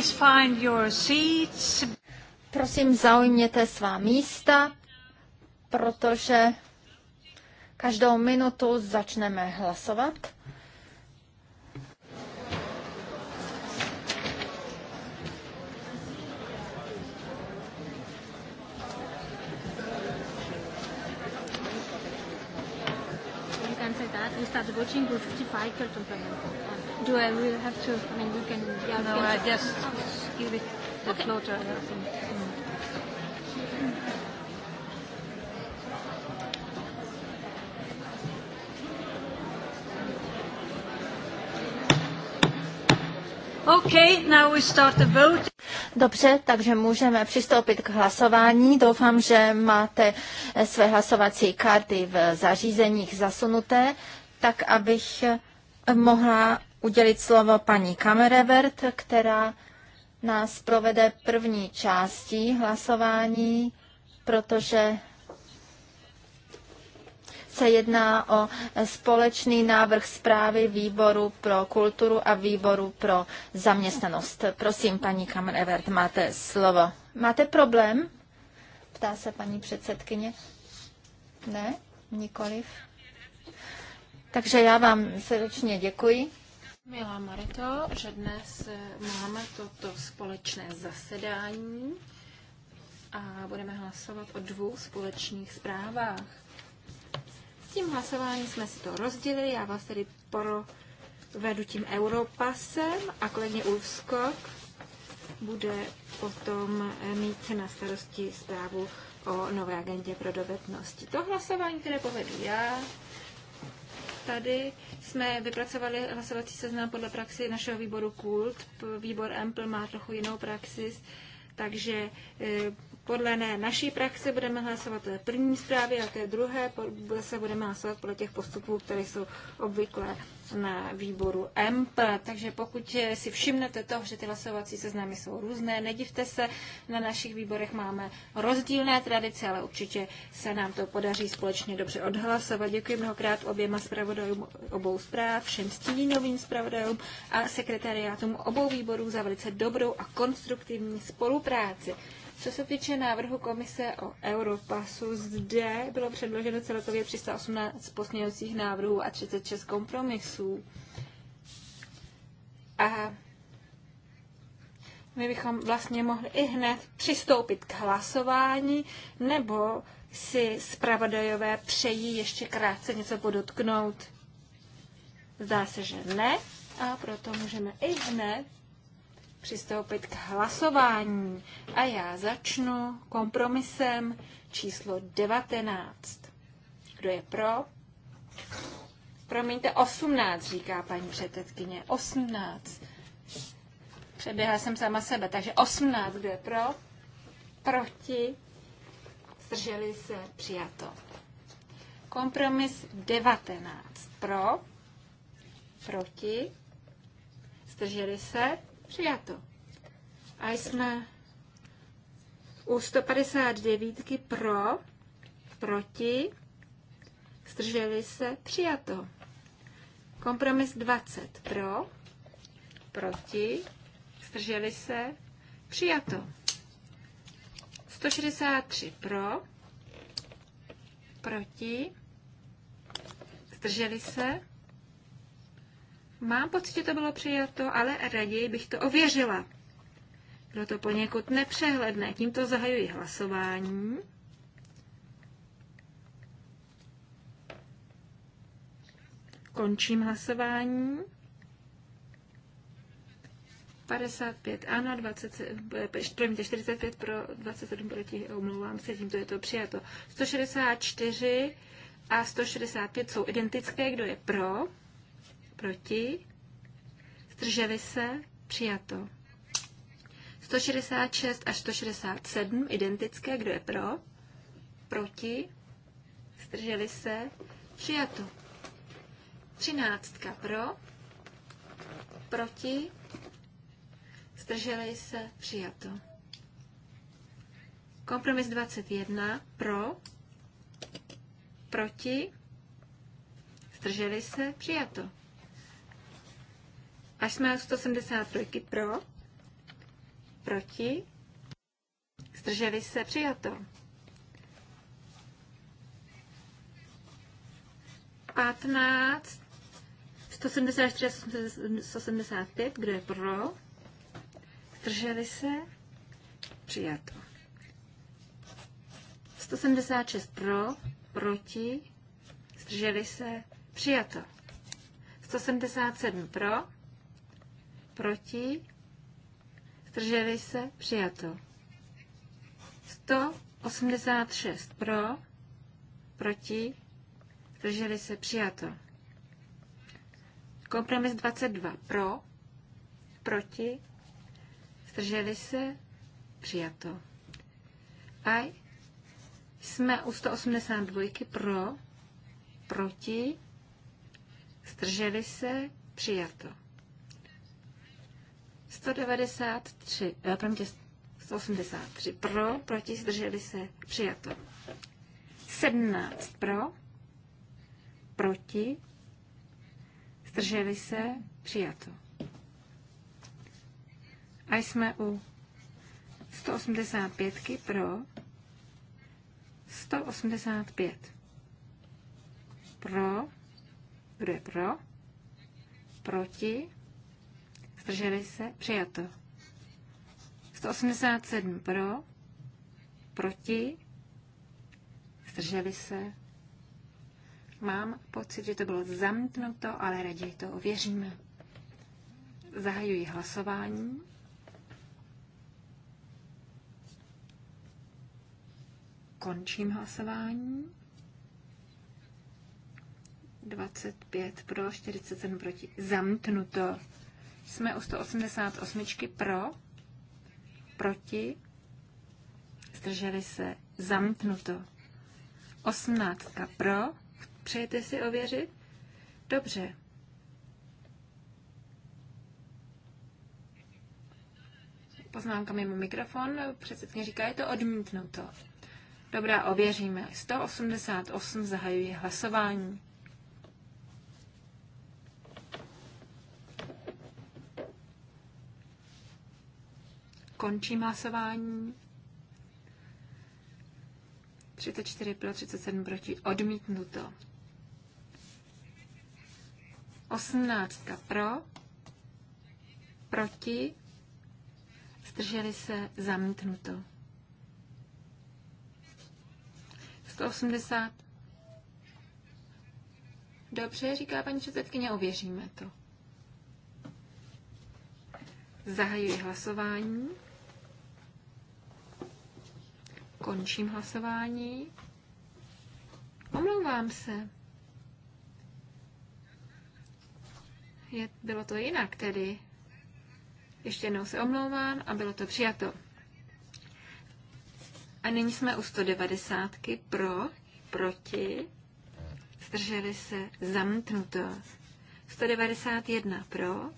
Please find your seats. Prosím, zaujměte svá místa, protože každou minutu začneme hlasovat. we start watching Rule 55 or something? Do I will have to, I mean, we can... Yeah, no, I just okay. give it the okay. floater. Mm. Okay, now we start the vote. Dobře, takže můžeme přistoupit k hlasování. Doufám, že máte své hlasovací karty v zařízeních zasunuté tak abych eh, mohla udělit slovo paní Kamerevert, která nás provede první částí hlasování, protože se jedná o společný návrh zprávy výboru pro kulturu a výboru pro zaměstnanost. Prosím, paní Kamerevert, máte slovo. Máte problém? Ptá se paní předsedkyně. Ne, nikoliv. Takže já vám srdečně děkuji. Milá Marito, že dnes eh, máme toto společné zasedání a budeme hlasovat o dvou společných zprávách. S tím hlasováním jsme si to rozdělili, já vás tedy provedu tím Europasem a kolegně úskok bude potom eh, mít na starosti zprávu o nové agendě pro dovednosti. To hlasování, které povedu já, Tady jsme vypracovali hlasovací seznam podle praxi našeho výboru KULT. Výbor EMPL má trochu jinou praxis, takže eh, podle ne naší praxe budeme hlasovat té první zprávě a té druhé se budeme hlasovat podle těch postupů, které jsou obvykle na výboru MP. Takže pokud si všimnete toho, že ty hlasovací seznamy jsou různé, nedivte se, na našich výborech máme rozdílné tradice, ale určitě se nám to podaří společně dobře odhlasovat. Děkuji mnohokrát oběma zpravodajům obou zpráv, všem stínovým zpravodajům a sekretariátům obou výborů za velice dobrou a konstruktivní spolupráci. Co se týče návrhu komise o Europasu, zde bylo předloženo celkově 318 posměňovacích návrhů a 36 kompromisů. A my bychom vlastně mohli i hned přistoupit k hlasování, nebo si zpravodajové přejí ještě krátce něco podotknout. Zdá se, že ne, a proto můžeme i hned přistoupit k hlasování. A já začnu kompromisem číslo 19. Kdo je pro? Promiňte, 18, říká paní předsedkyně. 18. Přeběhla jsem sama sebe, takže 18, kdo je pro? Proti? Zdrželi se? Přijato. Kompromis 19. Pro? Proti? Zdrželi se? Přijato. A jsme u 159 pro, proti, zdrželi se, přijato. Kompromis 20 pro, proti, zdrželi se, přijato. 163 pro, proti, zdrželi se, Mám pocit, že to bylo přijato, ale raději bych to ověřila. Bylo to poněkud nepřehledné. Tímto zahajuji hlasování. Končím hlasování. 55 ano, 20, 45 eh, pro, 27 proti, omlouvám se, tímto je to přijato. 164 a 165 jsou identické, kdo je pro? Proti? Zdrželi se? Přijato. 166 až 167 identické. Kdo je pro? Proti? Zdrželi se? Přijato. 13 pro? Proti? Zdrželi se? Přijato. Kompromis 21 pro? Proti? Zdrželi se? Přijato. Až jsme 173 pro, proti, zdrželi se, přijato. Patnáct, 174, 175, kdo je pro, zdrželi se, přijato. 176 pro, proti, zdrželi se, přijato. 177 pro, proti, zdrželi se, přijato. 186 pro, proti, zdrželi se, přijato. Kompromis 22 pro, proti, zdrželi se, přijato. A jsme u 182 pro, proti, zdrželi se, přijato. 193, eh, promiňte, 183 pro, proti zdrželi se přijato. 17 pro, proti, zdrželi se přijato. A jsme u 185 pro, 185 pro, kdo je pro, proti, zdrželi se, přijato. 187 pro, proti, zdrželi se. Mám pocit, že to bylo zamítnuto, ale raději to ověříme. Zahajuji hlasování. Končím hlasování. 25 pro, 47 proti. Zamítnuto. Jsme u 188 pro, proti, zdrželi se, zamknuto. 18 pro, přejete si ověřit? Dobře. Poznámka mimo mikrofon, předsedkyně říká, je to odmítnuto. Dobrá, ověříme. 188 zahajuje hlasování. Končím hlasování. 34 pro, 37 proti. Odmítnuto. 18 pro, proti, zdrželi se, zamítnuto. 180. Dobře, říká paní předsedkyně, ověříme to. Zahajuji hlasování. Končím hlasování. Omlouvám se. Je, bylo to jinak tedy. Ještě jednou se omlouvám a bylo to přijato. A nyní jsme u 190 pro, proti, zdrželi se, zamtnuto. 191 pro,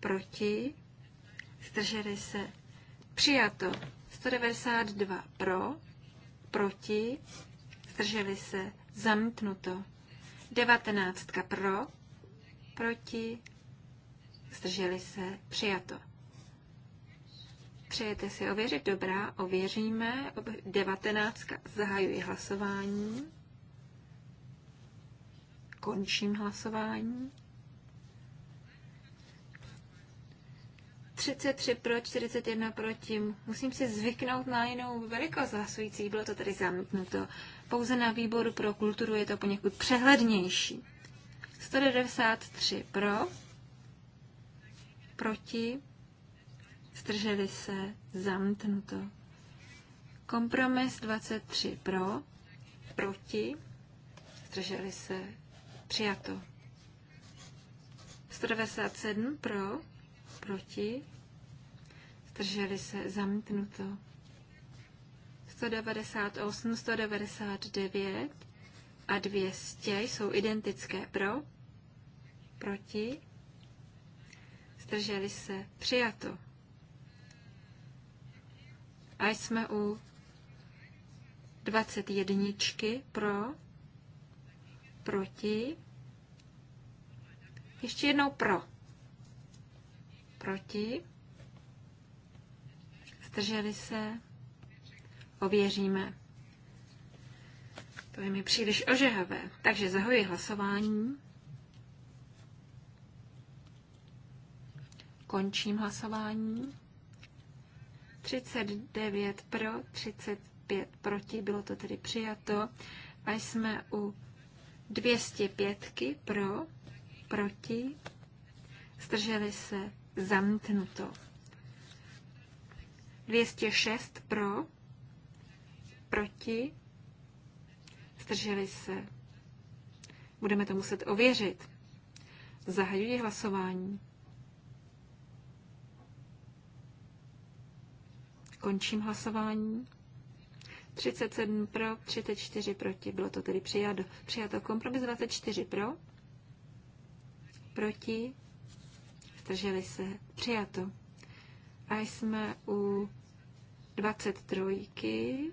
proti, zdrželi se, přijato. 192 pro, proti, zdrželi se, zamítnuto. 19 pro, proti, zdrželi se, přijato. Přejete si ověřit? Dobrá, ověříme. 19. Zahajuji hlasování. Končím hlasování. 33 pro, 41 proti. Musím si zvyknout na jinou velikost hlasující. Bylo to tady zamítnuto. Pouze na výboru pro kulturu je to poněkud přehlednější. 193 pro, proti, zdrželi se, zamtnuto. Kompromis 23 pro, proti, zdrželi se, přijato. 197 pro, proti, zdrželi se, zamítnuto. 198, 199 a 200 jsou identické pro, proti, zdrželi se, přijato. A jsme u 21 pro, proti, ještě jednou pro Proti? Zdrželi se? Ověříme. To je mi příliš ožehavé. Takže zahoji hlasování. Končím hlasování. 39 pro, 35 proti, bylo to tedy přijato. A jsme u 205 pro, proti, zdrželi se zamknuto. 206 pro, proti, zdrželi se. Budeme to muset ověřit. Zahajuji hlasování. Končím hlasování. 37 pro, 34 proti. Bylo to tedy přijato. Přijato kompromis 24 pro, proti, zdrželi se, přijato. A jsme u 23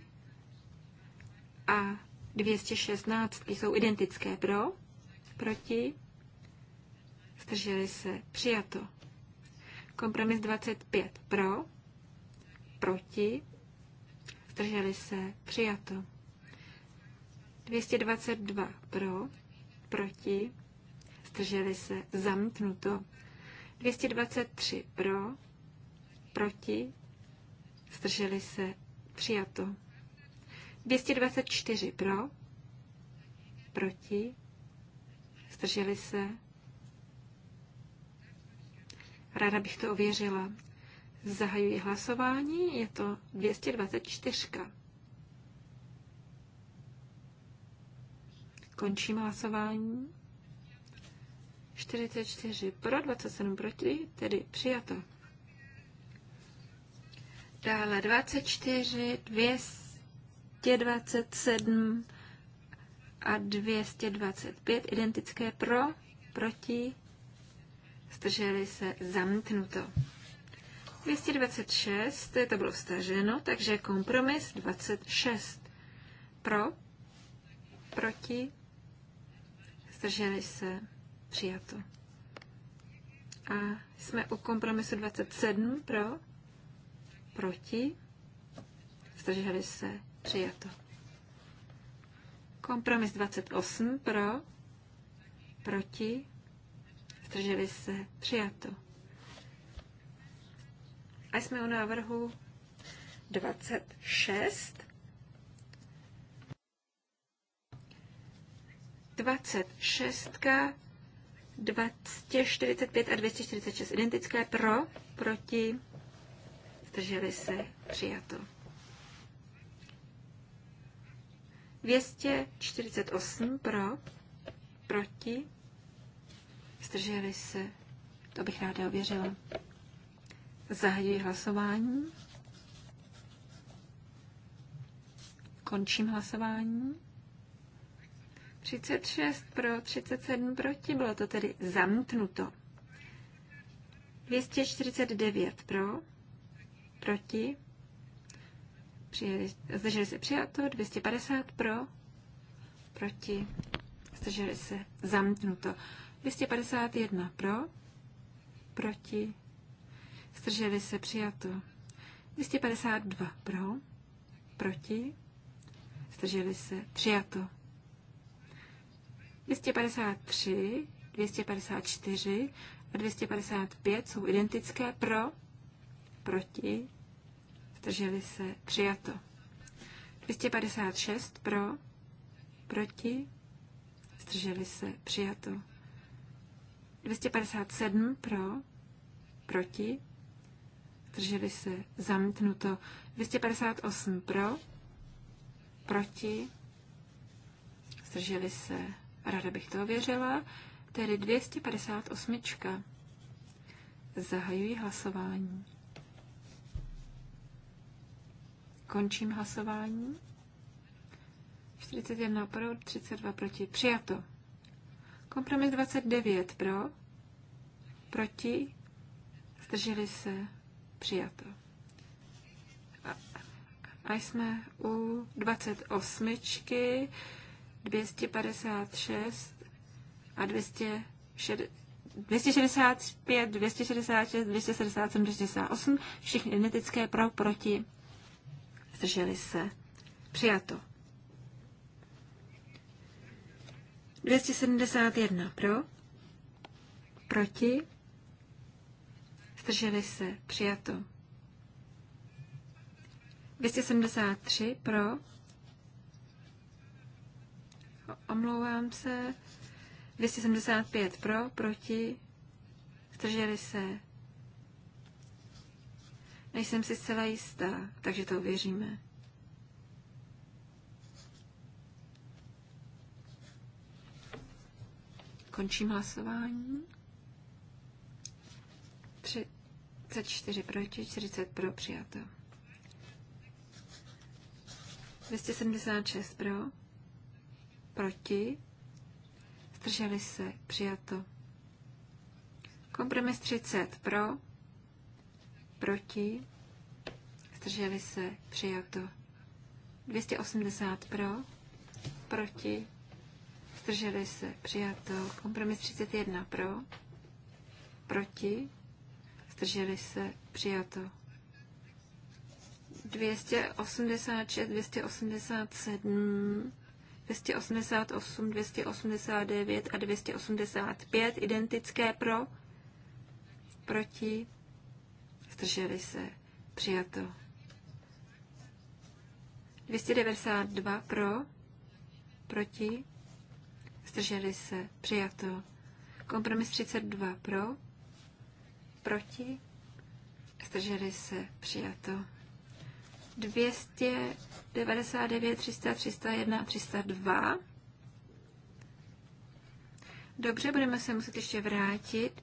a 216 jsou identické pro, proti, zdrželi se, přijato. Kompromis 25 pro, proti, zdrželi se, přijato. 222 pro, proti, zdrželi se, zamítnuto. 223 pro, proti, zdrželi se, přijato. 224 pro, proti, zdrželi se. Ráda bych to ověřila. Zahajuji hlasování, je to 224. Končím hlasování. 44 pro, 27 proti, tedy přijato. Dále 24, 227 a 225 identické pro, proti, strželi se zamítnuto. 226, to, je, to bylo staženo, takže kompromis 26. Pro, proti, strželi se Přijato. A jsme u kompromisu 27 pro, proti, zdrželi se, přijato. Kompromis 28 pro, proti, zdrželi se, přijato. A jsme u návrhu 26. 26 245 a 246 identické pro, proti, zdrželi se, přijato. 248 pro, proti, zdrželi se, to bych ráda ověřila. Zahajuji hlasování. Končím hlasování. 36 pro, 37 proti, bylo to tedy zamítnuto. 249 pro, proti, přijeli, zdrželi se přijato, 250 pro, proti, zdrželi se zamítnuto. 251 pro, proti, zdrželi se přijato. 252 pro, proti, zdrželi se přijato. 253, 254 a 255 jsou identické pro, proti, zdrželi se, přijato. 256 pro, proti, zdrželi se, přijato. 257 pro, proti, zdrželi se, zamítnuto. 258 pro, proti, zdrželi se, Ráda bych to ověřila. Tedy 258. Zahajuji hlasování. Končím hlasování. 41 pro, 32 proti. Přijato. Kompromis 29 pro, proti, zdrželi se, přijato. A, a jsme u 28. 256 a 260, 265, 266, 267, 268, všichni identické pro, proti, zdrželi se, přijato. 271 pro, proti, zdrželi se, přijato. 273 pro, No, omlouvám se, 275 pro, proti, zdrželi se. Nejsem si zcela jistá, takže to uvěříme. Končím hlasování. 34 proti, 40 pro přijato. 276 pro proti, zdrželi se, přijato. Kompromis 30 pro, proti, zdrželi se, přijato. 280 pro, proti, zdrželi se, přijato. Kompromis 31 pro, proti, zdrželi se, přijato. 286, 287, 288, 289 a 285 identické pro, proti, zdrželi se, přijato. 292 pro, proti, zdrželi se, přijato. Kompromis 32 pro, proti, zdrželi se, přijato. 299, 301 302. Dobře, budeme se muset ještě vrátit.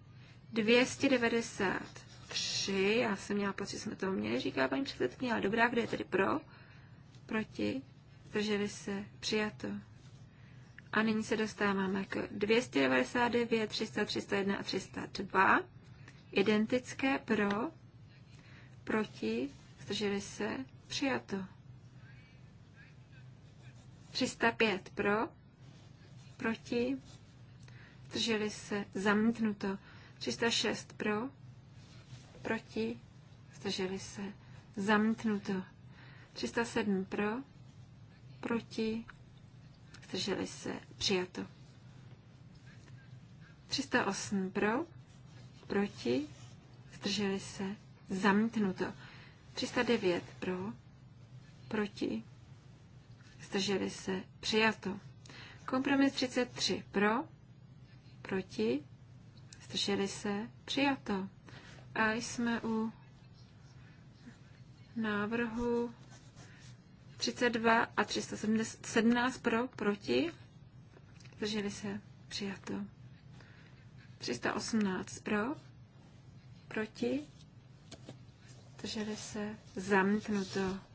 293, já jsem měla pocit, že jsme to měli, říká paní předsedkyně, ale dobrá, kde je tedy pro? Proti? drželi se? Přijato. A nyní se dostáváme k 299, 300, 301 a 302. Identické pro, proti, zdrželi se, Přijato. 305 pro, proti, zdrželi se, zamítnuto. 306 pro, proti, zdrželi se, zamítnuto. 307 pro, proti, zdrželi se, přijato. 308 pro, proti, zdrželi se, zamítnuto. 309 pro, proti, zdrželi se, přijato. Kompromis 33 pro, proti, zdrželi se, přijato. A jsme u návrhu 32 a 317 pro, proti, zdrželi se, přijato. 318 pro, proti, zdrželi se, zamknuto.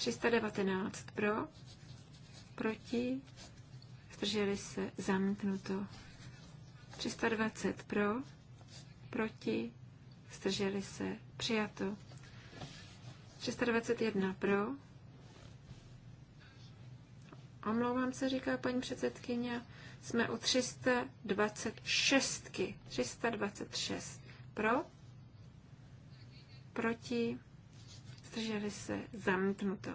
319 pro, proti, zdrželi se, zamknuto. 320 pro, proti, zdrželi se, přijato. 321 pro, omlouvám se, říká paní předsedkyně, jsme u 326, 326 pro, proti, drželi se, zamítnuto.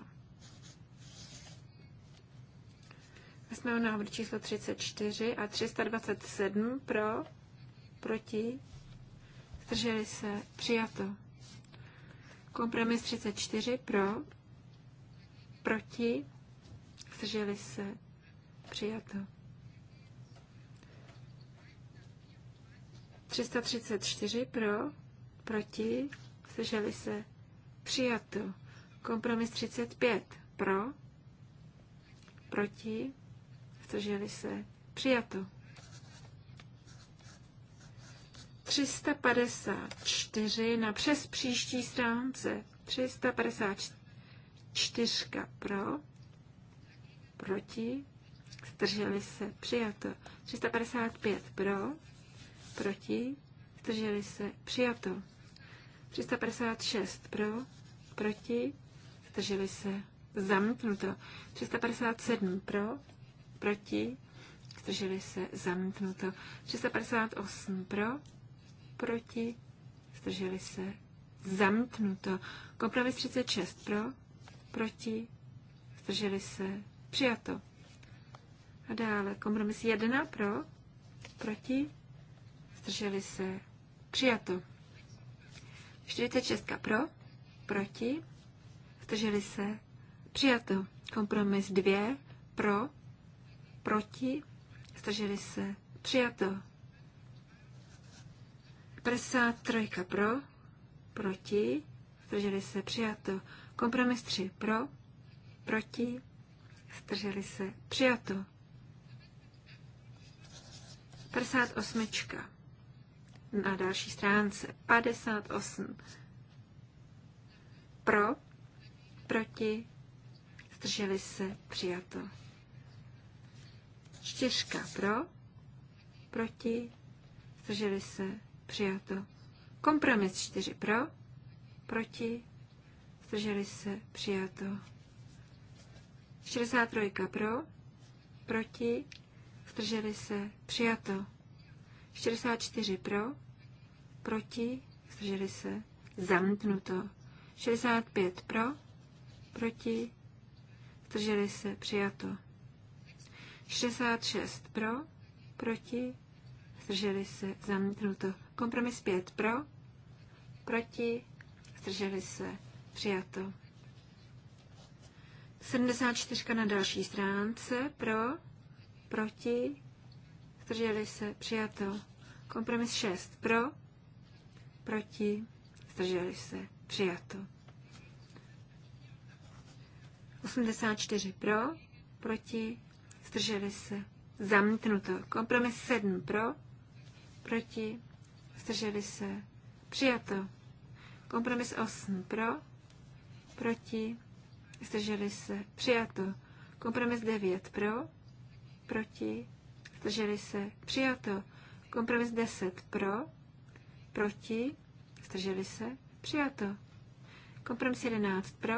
Jsme u návrhu číslo 34 a 327 pro, proti, drželi se, přijato. Kompromis 34 pro, proti, drželi se, přijato. 334 pro, proti, zdrželi se, Přijato. Kompromis 35. Pro. Proti. Zdrželi se. Přijato. 354 na přes příští stránce. 354 pro. Proti. Zdrželi se. Přijato. 355 pro. Proti. Zdrželi se. Přijato. 356 pro proti, zdrželi se zamítnuto. 357 pro, proti, zdrželi se zamítnuto. 358 pro, proti, zdrželi se zamítnuto. Kompromis 36 pro, proti, zdrželi se přijato. A dále kompromis 1 pro, proti, zdrželi se přijato. 46 pro, proti, zdrželi se, přijato. Kompromis dvě, pro, proti, zdrželi se, přijato. 53 pro, proti, zdrželi se, přijato. Kompromis 3 pro, proti, zdrželi se, přijato. 58. Na další stránce 58 pro, proti, zdrželi se, přijato. Čtyřka pro, proti, zdrželi se, přijato. Kompromis čtyři pro, proti, zdrželi se, přijato. 63 pro, proti, zdrželi se, přijato. 64 pro, proti, zdrželi se, zamknuto. 65 pro, proti, zdrželi se, přijato. 66 pro, proti, zdrželi se, zamítnuto. Kompromis 5 pro, proti, zdrželi se, přijato. 74 na další stránce, pro, proti, zdrželi se, přijato. Kompromis 6 pro, proti, zdrželi se, Přijato. 84 pro, proti, zdrželi se. Zamítnuto. Kompromis 7 pro, proti, zdrželi se. Přijato. Kompromis 8 pro, proti, zdrželi se. Přijato. Kompromis 9 pro, proti, zdrželi se. Přijato. Kompromis 10 pro, proti, zdrželi se. Přijato. Kompromis 11 pro,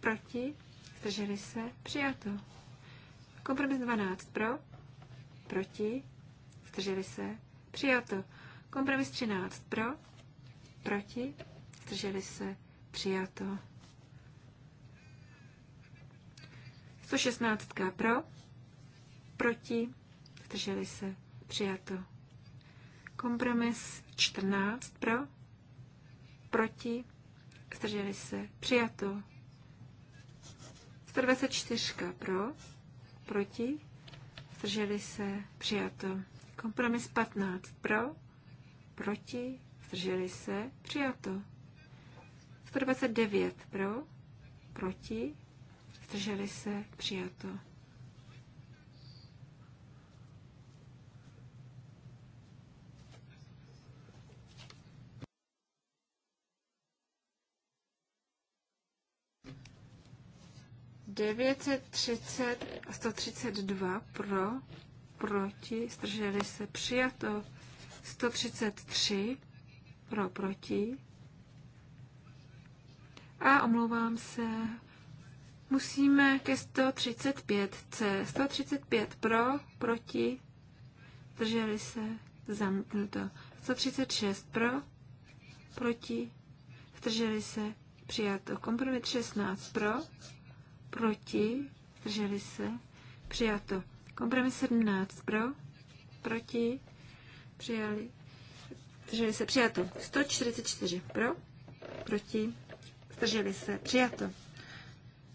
proti, zdrželi se, přijato. Kompromis 12 pro, proti, zdrželi se, přijato. Kompromis 13 pro, proti, zdrželi se, přijato. 116 pro, proti, zdrželi se, přijato. Kompromis 14 pro, proti, Zdrželi se. Přijato. 124 pro. Proti. Zdrželi se. Přijato. Kompromis 15 pro. Proti. Zdrželi se. Přijato. 129 pro. Proti. Zdrželi se. Přijato. 930 a 132 pro, proti, strželi se, přijato 133 pro, proti. A omlouvám se, musíme ke 135C. 135 pro, proti, zdrželi se, zamknuto. 136 pro, proti, zdrželi se, přijato. Kompromis 16 pro, proti, drželi se, přijato. Kompromis 17 pro, proti, přijali, drželi se, přijato. 144 pro, proti, zdrželi se, přijato.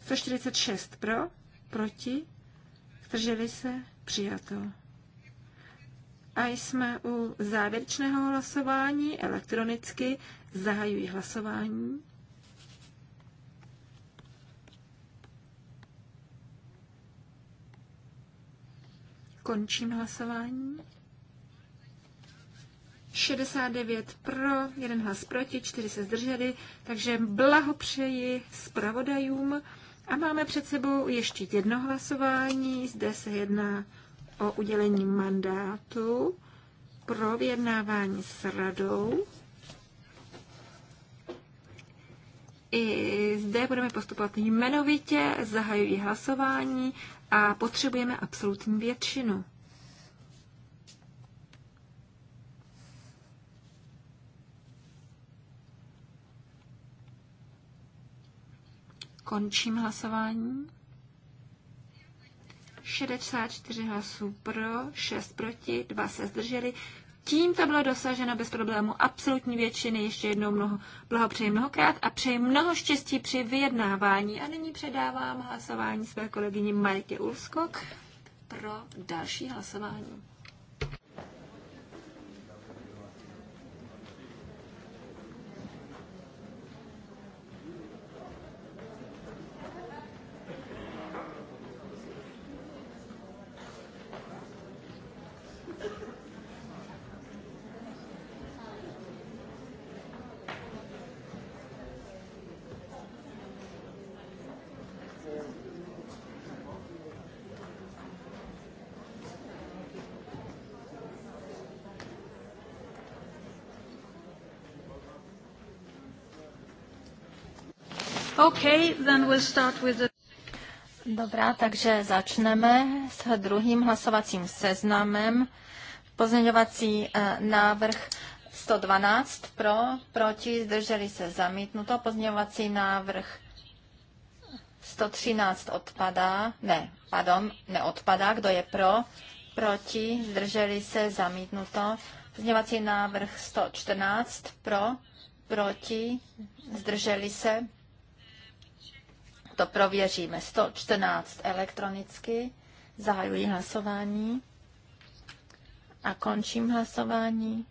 146 pro, proti, zdrželi se, přijato. A jsme u závěrečného hlasování, elektronicky Zahajuji hlasování. Končím hlasování. 69 pro, jeden hlas proti, čtyři se zdrželi, takže blahopřeji zpravodajům. A máme před sebou ještě jedno hlasování. Zde se jedná o udělení mandátu pro vyjednávání s radou. I zde budeme postupovat jmenovitě, zahajují hlasování, a potřebujeme absolutní většinu. Končím hlasování. 64 hlasů pro, 6 proti, 2 se zdrželi. Tímto bylo dosaženo bez problému absolutní většiny. Ještě jednou mnoho, blahopřeji mnohokrát a přeji mnoho štěstí při vyjednávání. A nyní předávám hlasování své kolegyni Martě Ulskok pro další hlasování. Okay, then we'll start with the... Dobrá, takže začneme s druhým hlasovacím seznamem. Pozměňovací eh, návrh 112 pro, proti, zdrželi se zamítnuto. Pozměňovací návrh 113 odpadá, ne, pardon, neodpadá. Kdo je pro, proti, zdrželi se zamítnuto. Pozměňovací návrh 114 pro, proti, zdrželi se to prověříme. 114 elektronicky. Zahajuji hlasování a končím hlasování.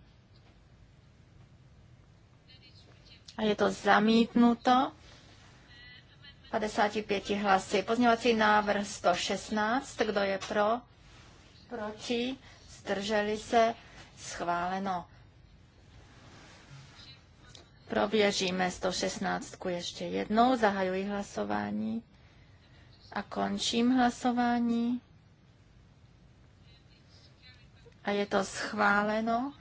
A je to zamítnuto. 55 hlasy. Pozněvací návrh 116. Kdo je pro? Proti? Zdrželi se? Schváleno. Prověříme 116 ještě jednou, zahajuji hlasování a končím hlasování. A je to schváleno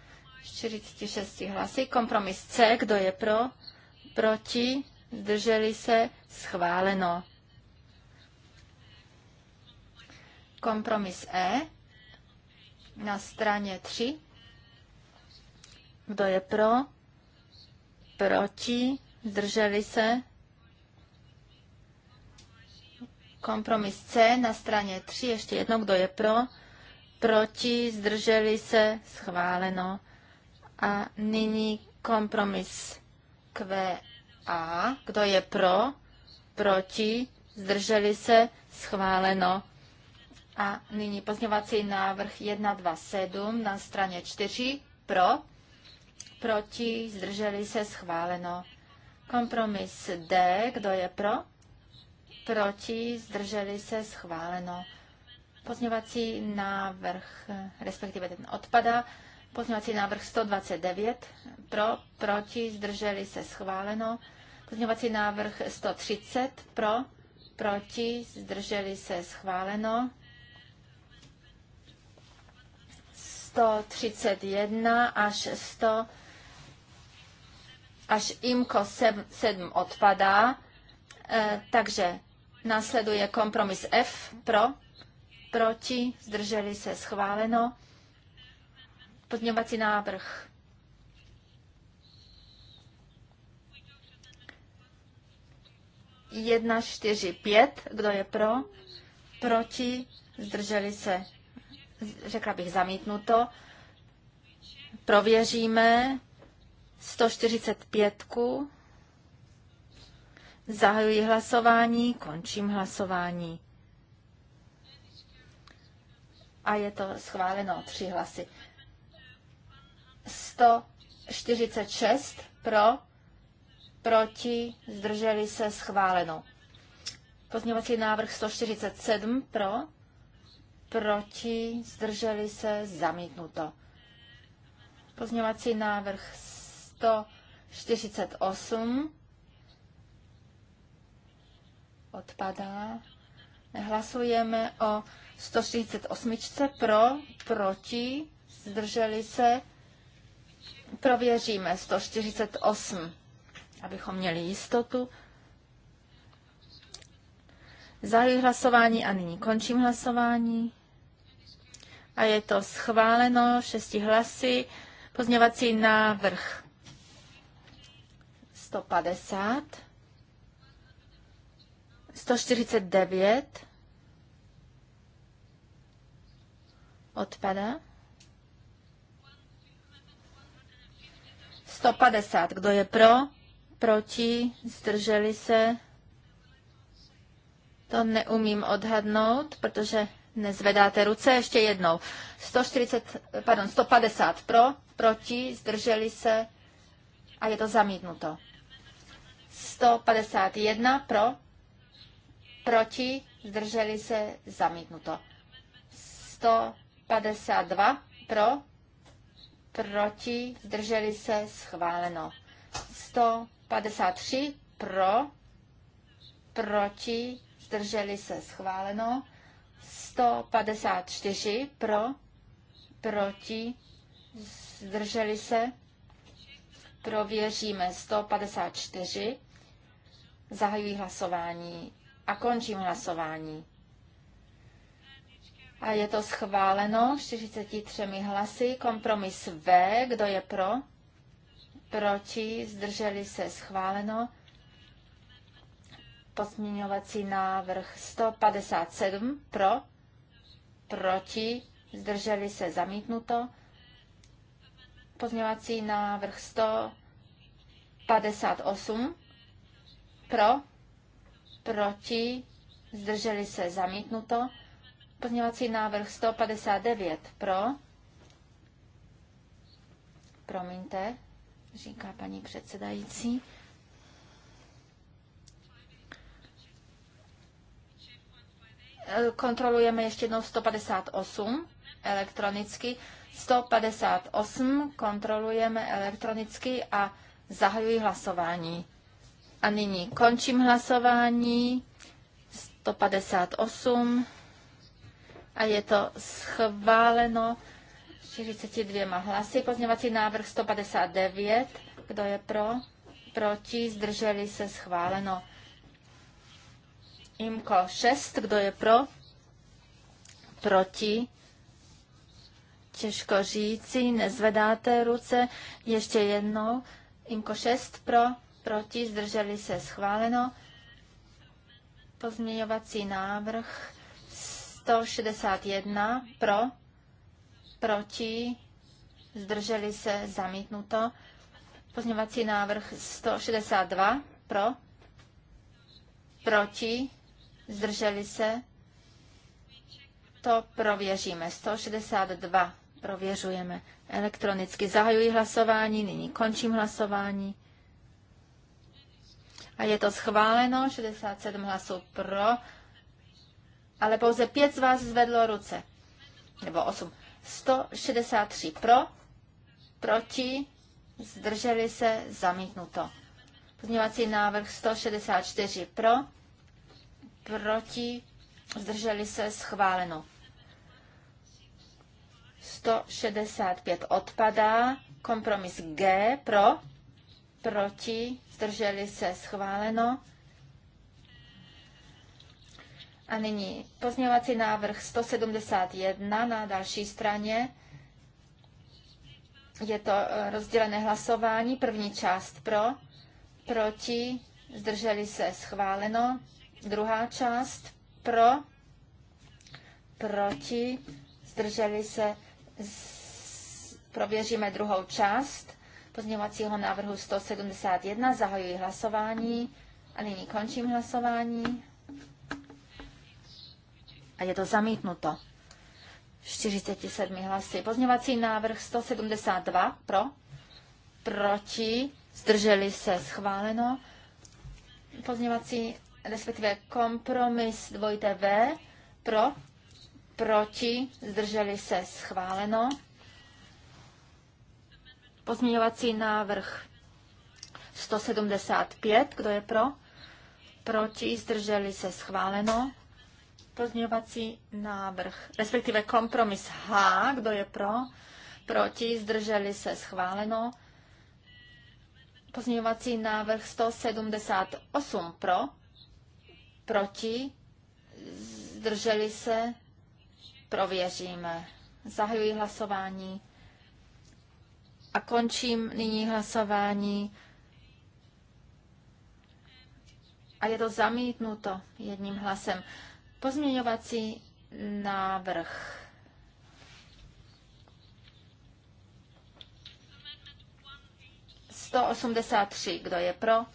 46 hlasy. Kompromis C, kdo je pro, proti, zdrželi se, schváleno. Kompromis E na straně 3. Kdo je pro? proti, zdrželi se. Kompromis C na straně 3, ještě jedno, kdo je pro, proti, zdrželi se, schváleno. A nyní kompromis QA, kdo je pro, proti, zdrželi se, schváleno. A nyní pozměňovací návrh 127 na straně 4, pro, proti, zdrželi se, schváleno. Kompromis D, kdo je pro, proti, zdrželi se, schváleno. Pozměňovací návrh, respektive ten odpada, pozměňovací návrh 129, pro, proti, zdrželi se, schváleno. Pozměňovací návrh 130, pro, proti, zdrželi se, schváleno. 131 až 100 až IMCO 7 odpadá, eh, takže následuje kompromis F pro, proti, zdrželi se schváleno. Podňovací návrh. Jedna, čtyři, pět. Kdo je pro? Proti? Zdrželi se, řekla bych, zamítnuto. Prověříme 145. Zahajuji hlasování, končím hlasování. A je to schváleno tři hlasy. 146 pro, proti, zdrželi se schváleno. Pozměňovací návrh 147 pro, proti, zdrželi se zamítnuto. Pozměňovací návrh 148 odpadá. Hlasujeme o 148 pro, proti, zdrželi se. Prověříme 148, abychom měli jistotu. Zahajuji hlasování a nyní končím hlasování. A je to schváleno šesti hlasy. Pozměvací návrh 150, 149 odpada. 150. Kdo je pro? Proti? Zdrželi se? To neumím odhadnout, protože nezvedáte ruce. Ještě jednou. 140, pardon, 150 pro, proti, zdrželi se a je to zamítnuto. 151 pro, proti, zdrželi se, zamítnuto. 152 pro, proti, zdrželi se, schváleno. 153 pro, proti, zdrželi se, schváleno. 154 pro, proti, zdrželi se, prověříme 154. Zahajuji hlasování a končím hlasování. A je to schváleno 43 hlasy. Kompromis V. Kdo je pro? Proti? Zdrželi se? Schváleno. Pozměňovací návrh 157. Pro? Proti? Zdrželi se? Zamítnuto. Pozměňovací návrh 158. Pro? Proti? Zdrželi se zamítnuto. Pozměňovací návrh 159 pro. Promiňte, říká paní předsedající. Kontrolujeme ještě jednou 158 elektronicky. 158 kontrolujeme elektronicky a zahajuji hlasování. A nyní končím hlasování 158 a je to schváleno 42 hlasy. Pozněvací návrh 159. Kdo je pro? Proti? Zdrželi se schváleno. Imko 6. Kdo je pro? Proti? Těžko říci, nezvedáte ruce. Ještě jednou. Imko 6 pro, proti, zdrželi se schváleno. Pozměňovací návrh 161 pro, proti, zdrželi se zamítnuto. Pozměňovací návrh 162 pro, proti, zdrželi se. To prověříme. 162 prověřujeme elektronicky. Zahajuji hlasování, nyní končím hlasování. A je to schváleno, 67 hlasů pro, ale pouze pět z vás zvedlo ruce. Nebo 8. 163 pro, proti, zdrželi se, zamítnuto. Pozměňovací návrh 164 pro, proti, zdrželi se, schváleno. 165 odpadá, kompromis G pro, proti, zdrželi se schváleno. A nyní pozměňovací návrh 171 na další straně. Je to eh, rozdělené hlasování. První část pro, proti, zdrželi se schváleno. Druhá část pro, proti, zdrželi se, z... prověříme druhou část pozměňovacího návrhu 171. Zahajuji hlasování a nyní končím hlasování. A je to zamítnuto. 47 hlasy. Pozměňovací návrh 172 pro, proti, zdrželi se schváleno. Pozměňovací, respektive kompromis dvojité V pro, proti, zdrželi se schváleno. Pozměňovací návrh 175, kdo je pro? Proti, zdrželi se schváleno. Pozměňovací návrh, respektive kompromis H, kdo je pro? Proti, zdrželi se schváleno. Pozměňovací návrh 178 pro, proti, zdrželi se, prověříme. Zahajuji hlasování. Končím nyní hlasování. A je to zamítnuto jedním hlasem. Pozměňovací návrh. Sto osmdesát tři. Kdo je pro?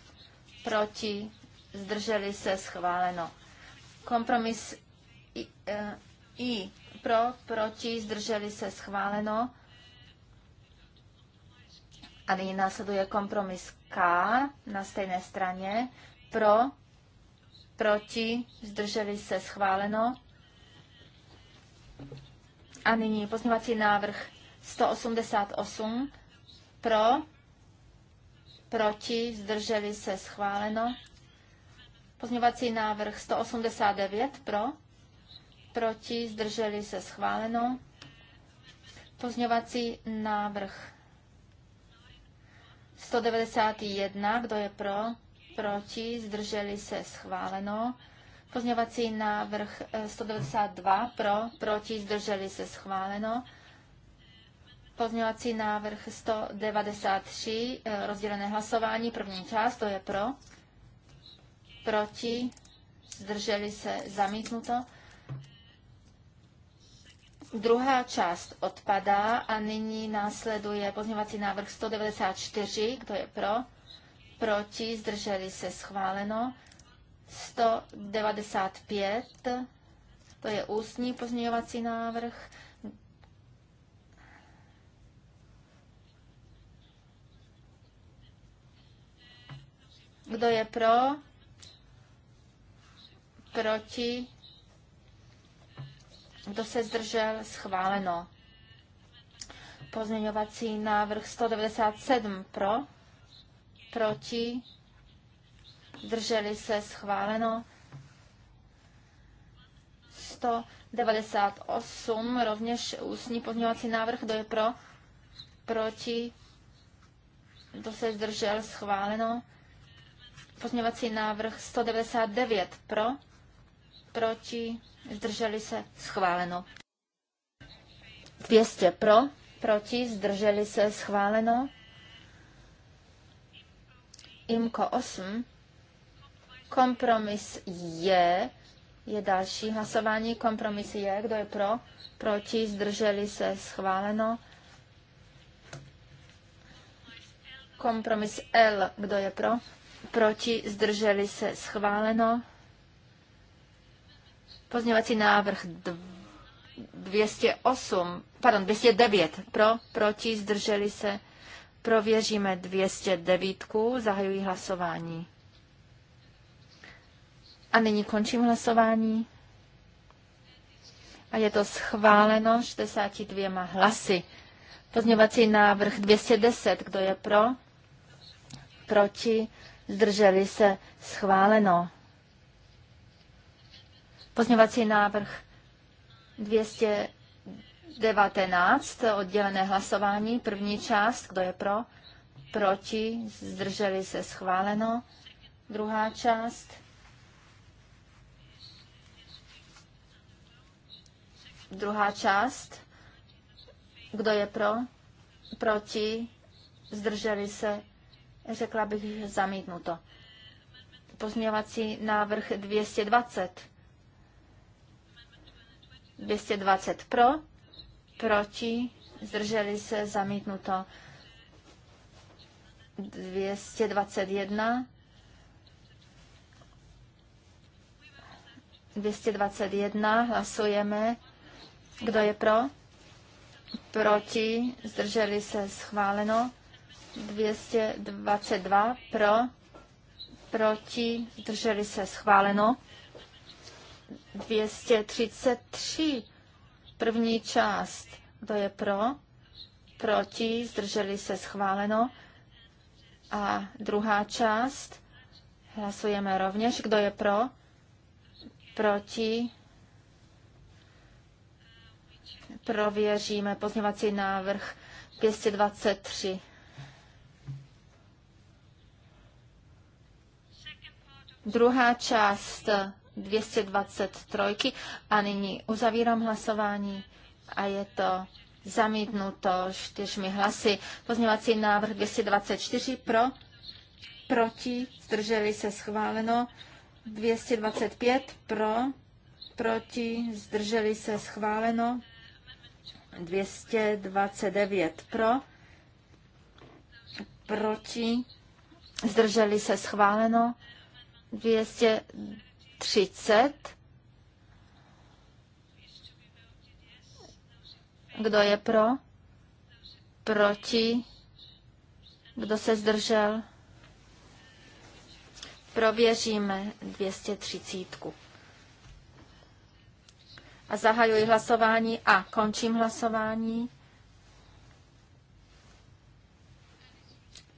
Proti? Zdrželi se? Schváleno. Kompromis I, eh, I. Pro? Proti? Zdrželi se? Schváleno. A nyní následuje kompromis K na stejné straně. Pro, proti, zdrželi se schváleno. A nyní pozměňovací návrh 188. Pro, proti, zdrželi se schváleno. Pozměňovací návrh 189 pro, proti, zdrželi se schváleno. Pozměňovací návrh 191, kdo je pro, proti, zdrželi se, schváleno. Pozměňovací návrh 192, eh, pro, proti, zdrželi se, schváleno. Pozměňovací návrh 193, eh, rozdělené hlasování, první část, to je pro, proti, zdrželi se, zamítnuto. Druhá část odpadá a nyní následuje pozměňovací návrh 194. Kdo je pro? Proti? Zdrželi se schváleno. 195. To je ústní pozměňovací návrh. Kdo je pro? Proti? Kdo se zdržel? Schváleno. Pozměňovací návrh 197 pro, proti, zdrželi se, schváleno. 198, rovněž ústní pozměňovací návrh, kdo je pro, proti, kdo se zdržel, schváleno. Pozměňovací návrh 199 pro, proti, zdrželi se, schváleno. 200 pro, proti, zdrželi se, schváleno. IMKO 8. Kompromis je, je další hlasování. Kompromis je, kdo je pro, proti, zdrželi se, schváleno. Kompromis L, kdo je pro, proti, zdrželi se, schváleno. Pozměňovací návrh 208, pardon, 209 pro, proti, zdrželi se. Prověříme 209. Zahajuji hlasování. A nyní končím hlasování. A je to schváleno 62 hlasy. Pozměňovací návrh 210. Kdo je pro? Proti? Zdrželi se? Schváleno. Pozměňovací návrh 219, oddělené hlasování, první část, kdo je pro, proti, zdrželi se schváleno, druhá část, druhá část, kdo je pro, proti, zdrželi se, řekla bych, že zamítnuto. Pozměvací návrh 220. 220 pro, proti, zdrželi se, zamítnuto 221, 221, hlasujeme, kdo je pro, proti, zdrželi se, schváleno 222 pro, proti, zdrželi se, schváleno 233, první část. Kdo je pro? Proti? Zdrželi se schváleno. A druhá část. Hlasujeme rovněž. Kdo je pro? Proti? Prověříme pozněvací návrh 223. Druhá část 223 a nyní uzavírám hlasování a je to zamítnuto čtyřmi hlasy. Pozměňovací návrh 224 pro, proti, zdrželi se schváleno, 225 pro, proti, zdrželi se schváleno, 229 pro, proti, zdrželi se schváleno, 200 30. Kdo je pro? Proti? Kdo se zdržel? Prověříme 230. A zahajuji hlasování a končím hlasování.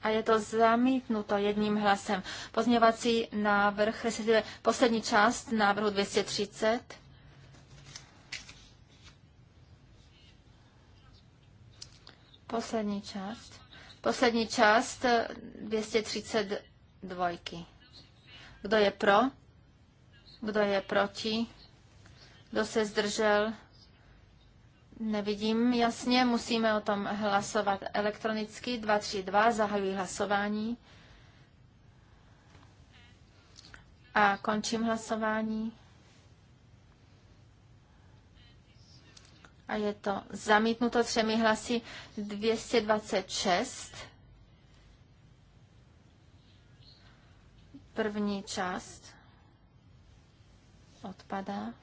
a je to zamítnuto jedním hlasem. Pozměňovací návrh, respektive poslední část návrhu 230. Poslední část. Poslední část 232. Kdo je pro? Kdo je proti? Kdo se zdržel? Nevidím jasně, musíme o tom hlasovat elektronicky. 232, zahajuji hlasování. A končím hlasování. A je to zamítnuto třemi hlasy 226. První část odpadá.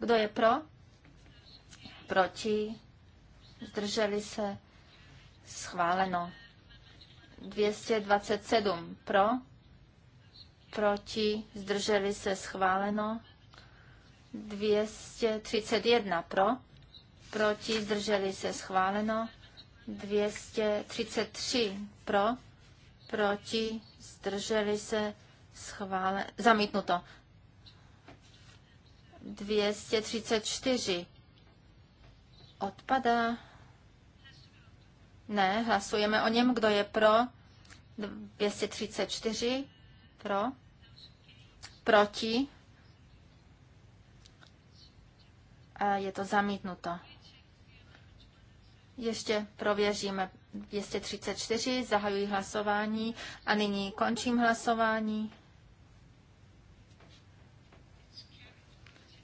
Kdo je pro? Proti? Zdrželi se? Schváleno. 227 pro? Proti? Zdrželi se? Schváleno. 231 pro? Proti? Zdrželi se? Schváleno. 233 pro? Proti? Zdrželi se? Schvále... Zamítnuto. 234 odpadá. Ne, hlasujeme o něm. Kdo je pro? 234 pro. Proti. A je to zamítnuto. Ještě prověříme 234, zahajuji hlasování a nyní končím hlasování.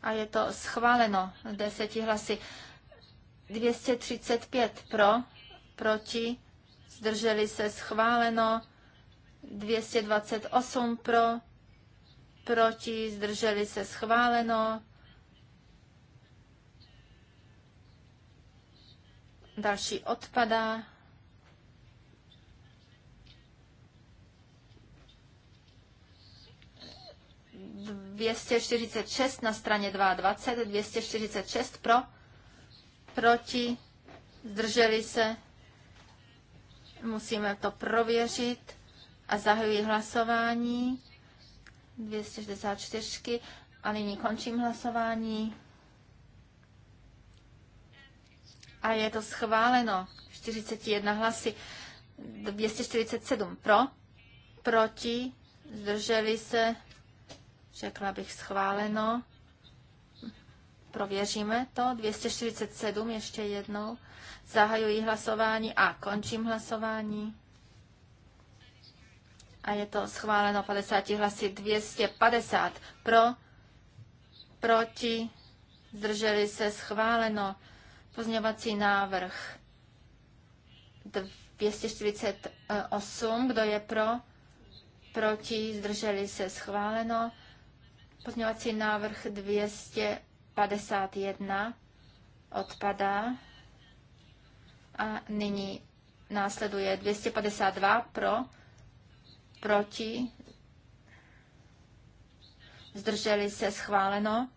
a je to schváleno deseti hlasy. 235 pro, proti, zdrželi se schváleno, 228 pro, proti, zdrželi se schváleno. Další odpadá. 246 na straně 22, 246 pro, proti, zdrželi se, musíme to prověřit a zahajuji hlasování 264 a nyní končím hlasování a je to schváleno 41 hlasy 247 pro, proti, zdrželi se, řekla bych schváleno. Prověříme to. 247 ještě jednou. Zahajuji hlasování a končím hlasování. A je to schváleno 50 hlasy 250 pro, proti, zdrželi se schváleno pozměňovací návrh 248, kdo je pro, proti, zdrželi se schváleno Pozměňovací návrh 251 odpadá. A nyní následuje 252 pro, proti, zdrželi se schváleno.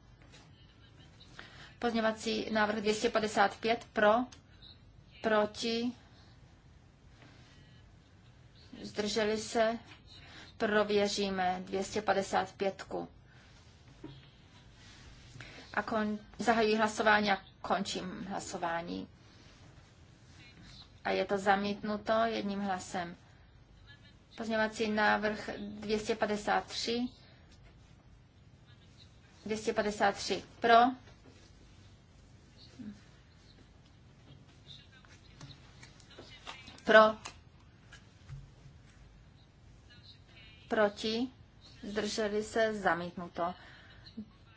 Pozměňovací návrh 255 pro, proti, zdrželi se, prověříme 255. -ku a kon, zahajuji hlasování a končím hlasování. A je to zamítnuto jedním hlasem. Pozměňovací návrh 253. 253 pro. Pro. Proti. Zdrželi se zamítnuto.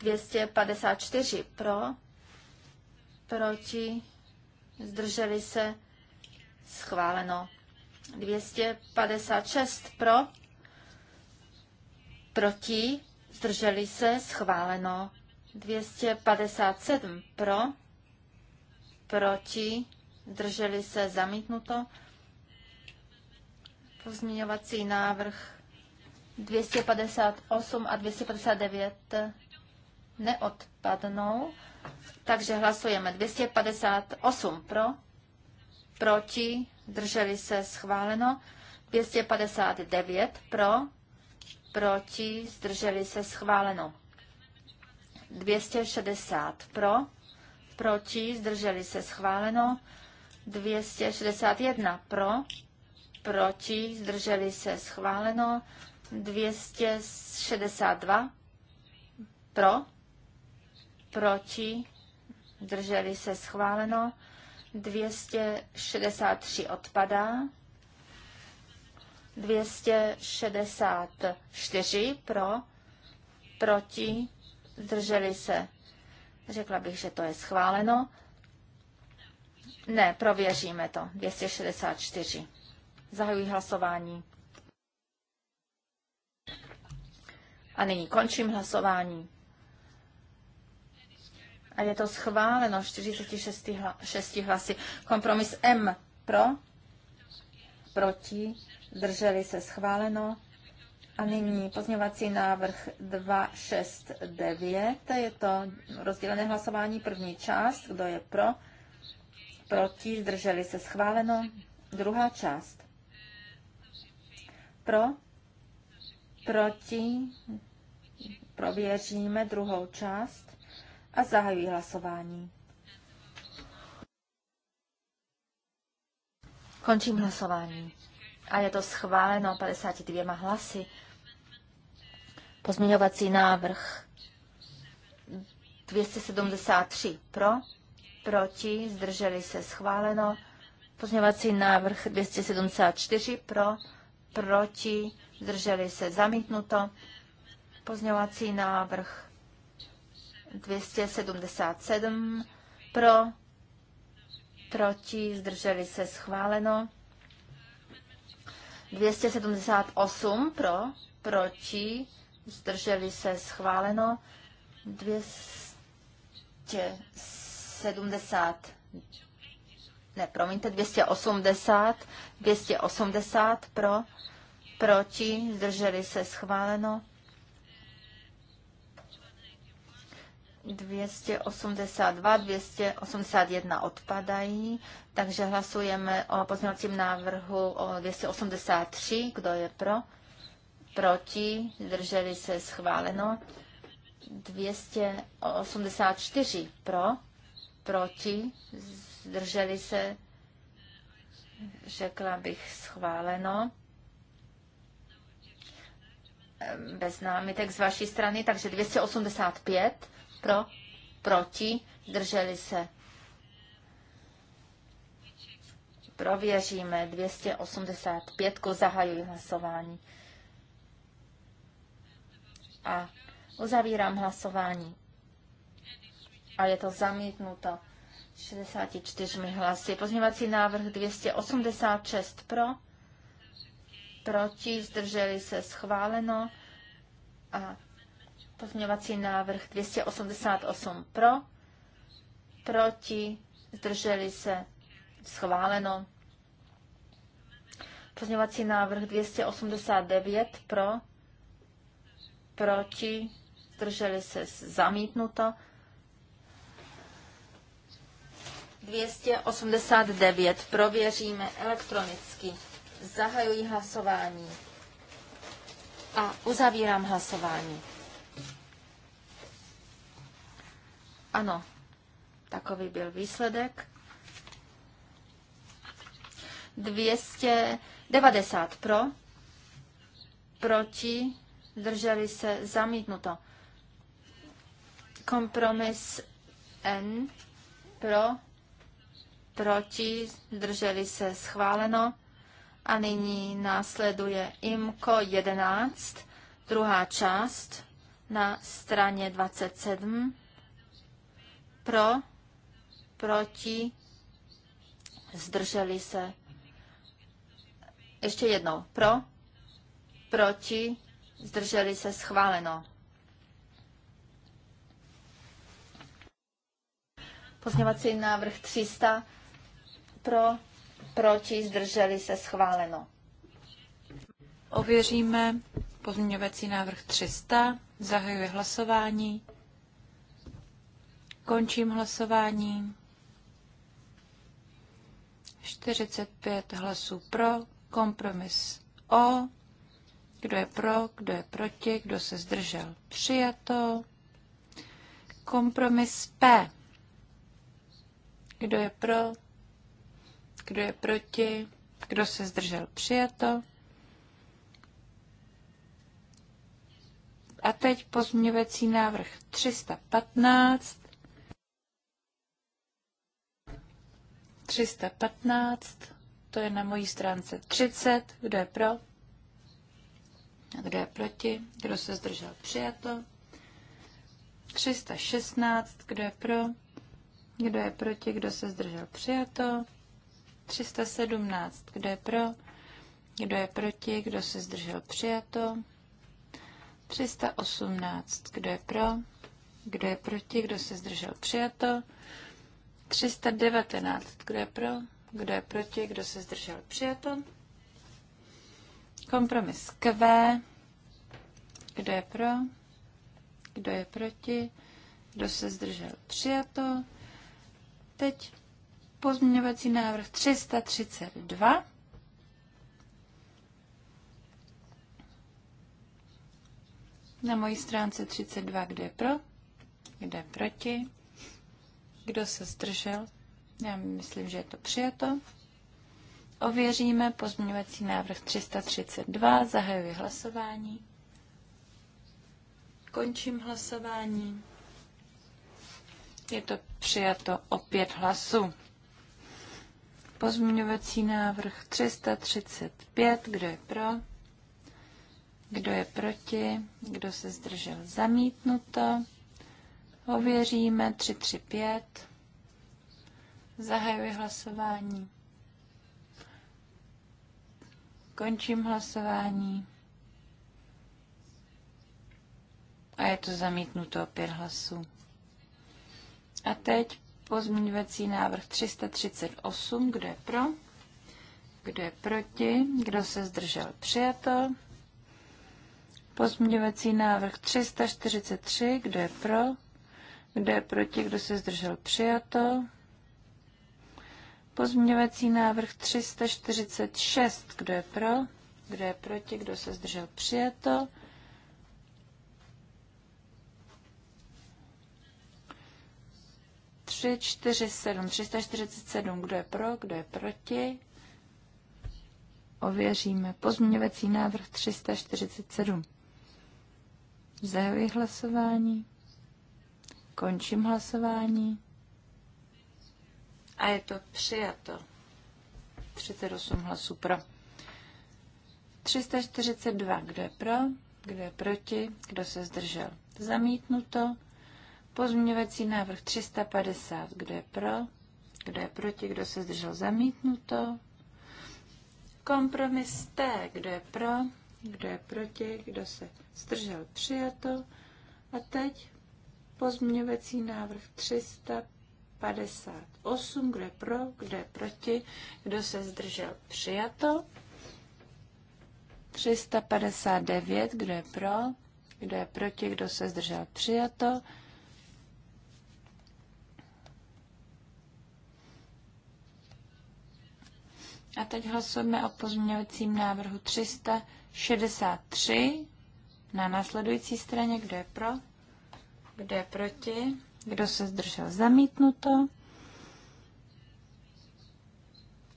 254 pro, proti, zdrželi se, schváleno. 256 pro, proti, zdrželi se, schváleno. 257 pro, proti, zdrželi se, zamítnuto. Pozměňovací návrh 258 a 259 neodpadnou. Takže hlasujeme 258 pro, proti, drželi se schváleno, 259 pro, proti, zdrželi se schváleno, 260 pro, proti, zdrželi se schváleno, 261 pro, proti, zdrželi se schváleno, 262 pro, proti, drželi se schváleno, 263 odpadá, 264 pro, proti, drželi se. Řekla bych, že to je schváleno. Ne, prověříme to. 264. Zahajuji hlasování. A nyní končím hlasování. A je to schváleno 46 6 hlasy. Kompromis M pro, proti, drželi se schváleno. A nyní pozměňovací návrh 269. Je to rozdělené hlasování první část. Kdo je pro? Proti, zdrželi se schváleno. Druhá část. Pro? Proti, prověříme druhou část a zahajuji hlasování. Končím hlasování. A je to schváleno 52 hlasy. Pozměňovací návrh 273 pro, proti, zdrželi se schváleno. Pozměňovací návrh 274 pro, proti, zdrželi se zamítnuto. Pozměňovací návrh 277 pro, proti, zdrželi se schváleno. 278 pro, proti, zdrželi se schváleno. 270, ne, promiňte, 280, 280 pro, proti, zdrželi se schváleno. 282, 281 odpadají, takže hlasujeme o pozměňovacím návrhu o 283. Kdo je pro? Proti? Zdrželi se schváleno. 284 pro, proti, zdrželi se, řekla bych, schváleno ehm, bez námitek z vaší strany, takže 285 pro, proti, zdrželi se. Prověříme 285. Zahajuji hlasování. A uzavírám hlasování. A je to zamítnuto 64 hlasy. Pozměvací návrh 286 pro, proti, zdrželi se schváleno a Pozměňovací návrh 288 pro, proti, zdrželi se, schváleno. Pozměňovací návrh 289 pro, proti, zdrželi se, zamítnuto. 289 prověříme elektronicky. Zahajuji hlasování a uzavírám hlasování. Ano, takový byl výsledek. 290 pro, proti, zdrželi se, zamítnuto. Kompromis N pro, proti, zdrželi se, schváleno. A nyní následuje IMKO 11, druhá část na straně 27. Pro, proti, zdrželi se. Ještě jednou. Pro, proti, zdrželi se, schváleno. Pozněvací návrh 300. Pro, proti, zdrželi se, schváleno. Ověříme pozměňovací návrh 300. Zahajuje hlasování. Končím hlasování. 45 hlasů pro, kompromis O. Kdo je pro, kdo je proti, kdo se zdržel? Přijato. Kompromis P. Kdo je pro, kdo je proti, kdo se zdržel? Přijato. A teď pozměňovací návrh 315. 315, to je na mojí stránce 30. Kdo je pro? Kdo je proti? Kdo se zdržel? Přijato. 316. Kdo je pro? Kdo je proti? Kdo se zdržel? Přijato. 317. Kdo je pro? Kdo je proti? Kdo se zdržel? Přijato. 318. Kdo je pro? Kdo je proti? Kdo se zdržel? Přijato. 319. Kdo je pro? Kdo je proti? Kdo se zdržel? Přijato. Kompromis Q. Kdo je pro? Kdo je proti? Kdo se zdržel? Přijato. Teď pozměňovací návrh 332. Na mojí stránce 32, kde je pro, kde je proti, kdo se zdržel? Já myslím, že je to přijato. Ověříme pozměňovací návrh 332. Zahajuji hlasování. Končím hlasování. Je to přijato o pět hlasů. Pozměňovací návrh 335. Kdo je pro? Kdo je proti? Kdo se zdržel? Zamítnuto. Ověříme 335. Zahajuji hlasování. Končím hlasování. A je to zamítnuto opět hlasu. hlasů. A teď pozměňovací návrh 338. Kdo je pro? Kdo je proti? Kdo se zdržel? Přijato. Pozměňovací návrh 343. Kdo je pro? Kdo je proti? Kdo se zdržel? Přijato. Pozměňovací návrh 346. Kdo je pro? Kdo je proti? Kdo se zdržel? Přijato. Tři, čtyři, sedm. 347. Kdo je pro? Kdo je proti? Ověříme. Pozměňovací návrh 347. Zahajuji hlasování. Končím hlasování. A je to přijato. 38 hlasů pro. 342. Kdo je pro? Kdo je proti? Kdo se zdržel? Zamítnuto. Pozměňovací návrh 350. Kdo je pro? Kdo je proti? Kdo se zdržel? Zamítnuto. Kompromis T. Kdo je pro? Kdo je proti? Kdo se zdržel? Přijato. A teď Pozměňovací návrh 358, kde pro, kde proti, kdo se zdržel přijato. 359, kdo je pro, kdo je proti, kdo se zdržel přijato. A teď hlasujeme o pozměňovacím návrhu 363 na následující straně, kdo je pro, kdo je proti? Kdo se zdržel? Zamítnuto.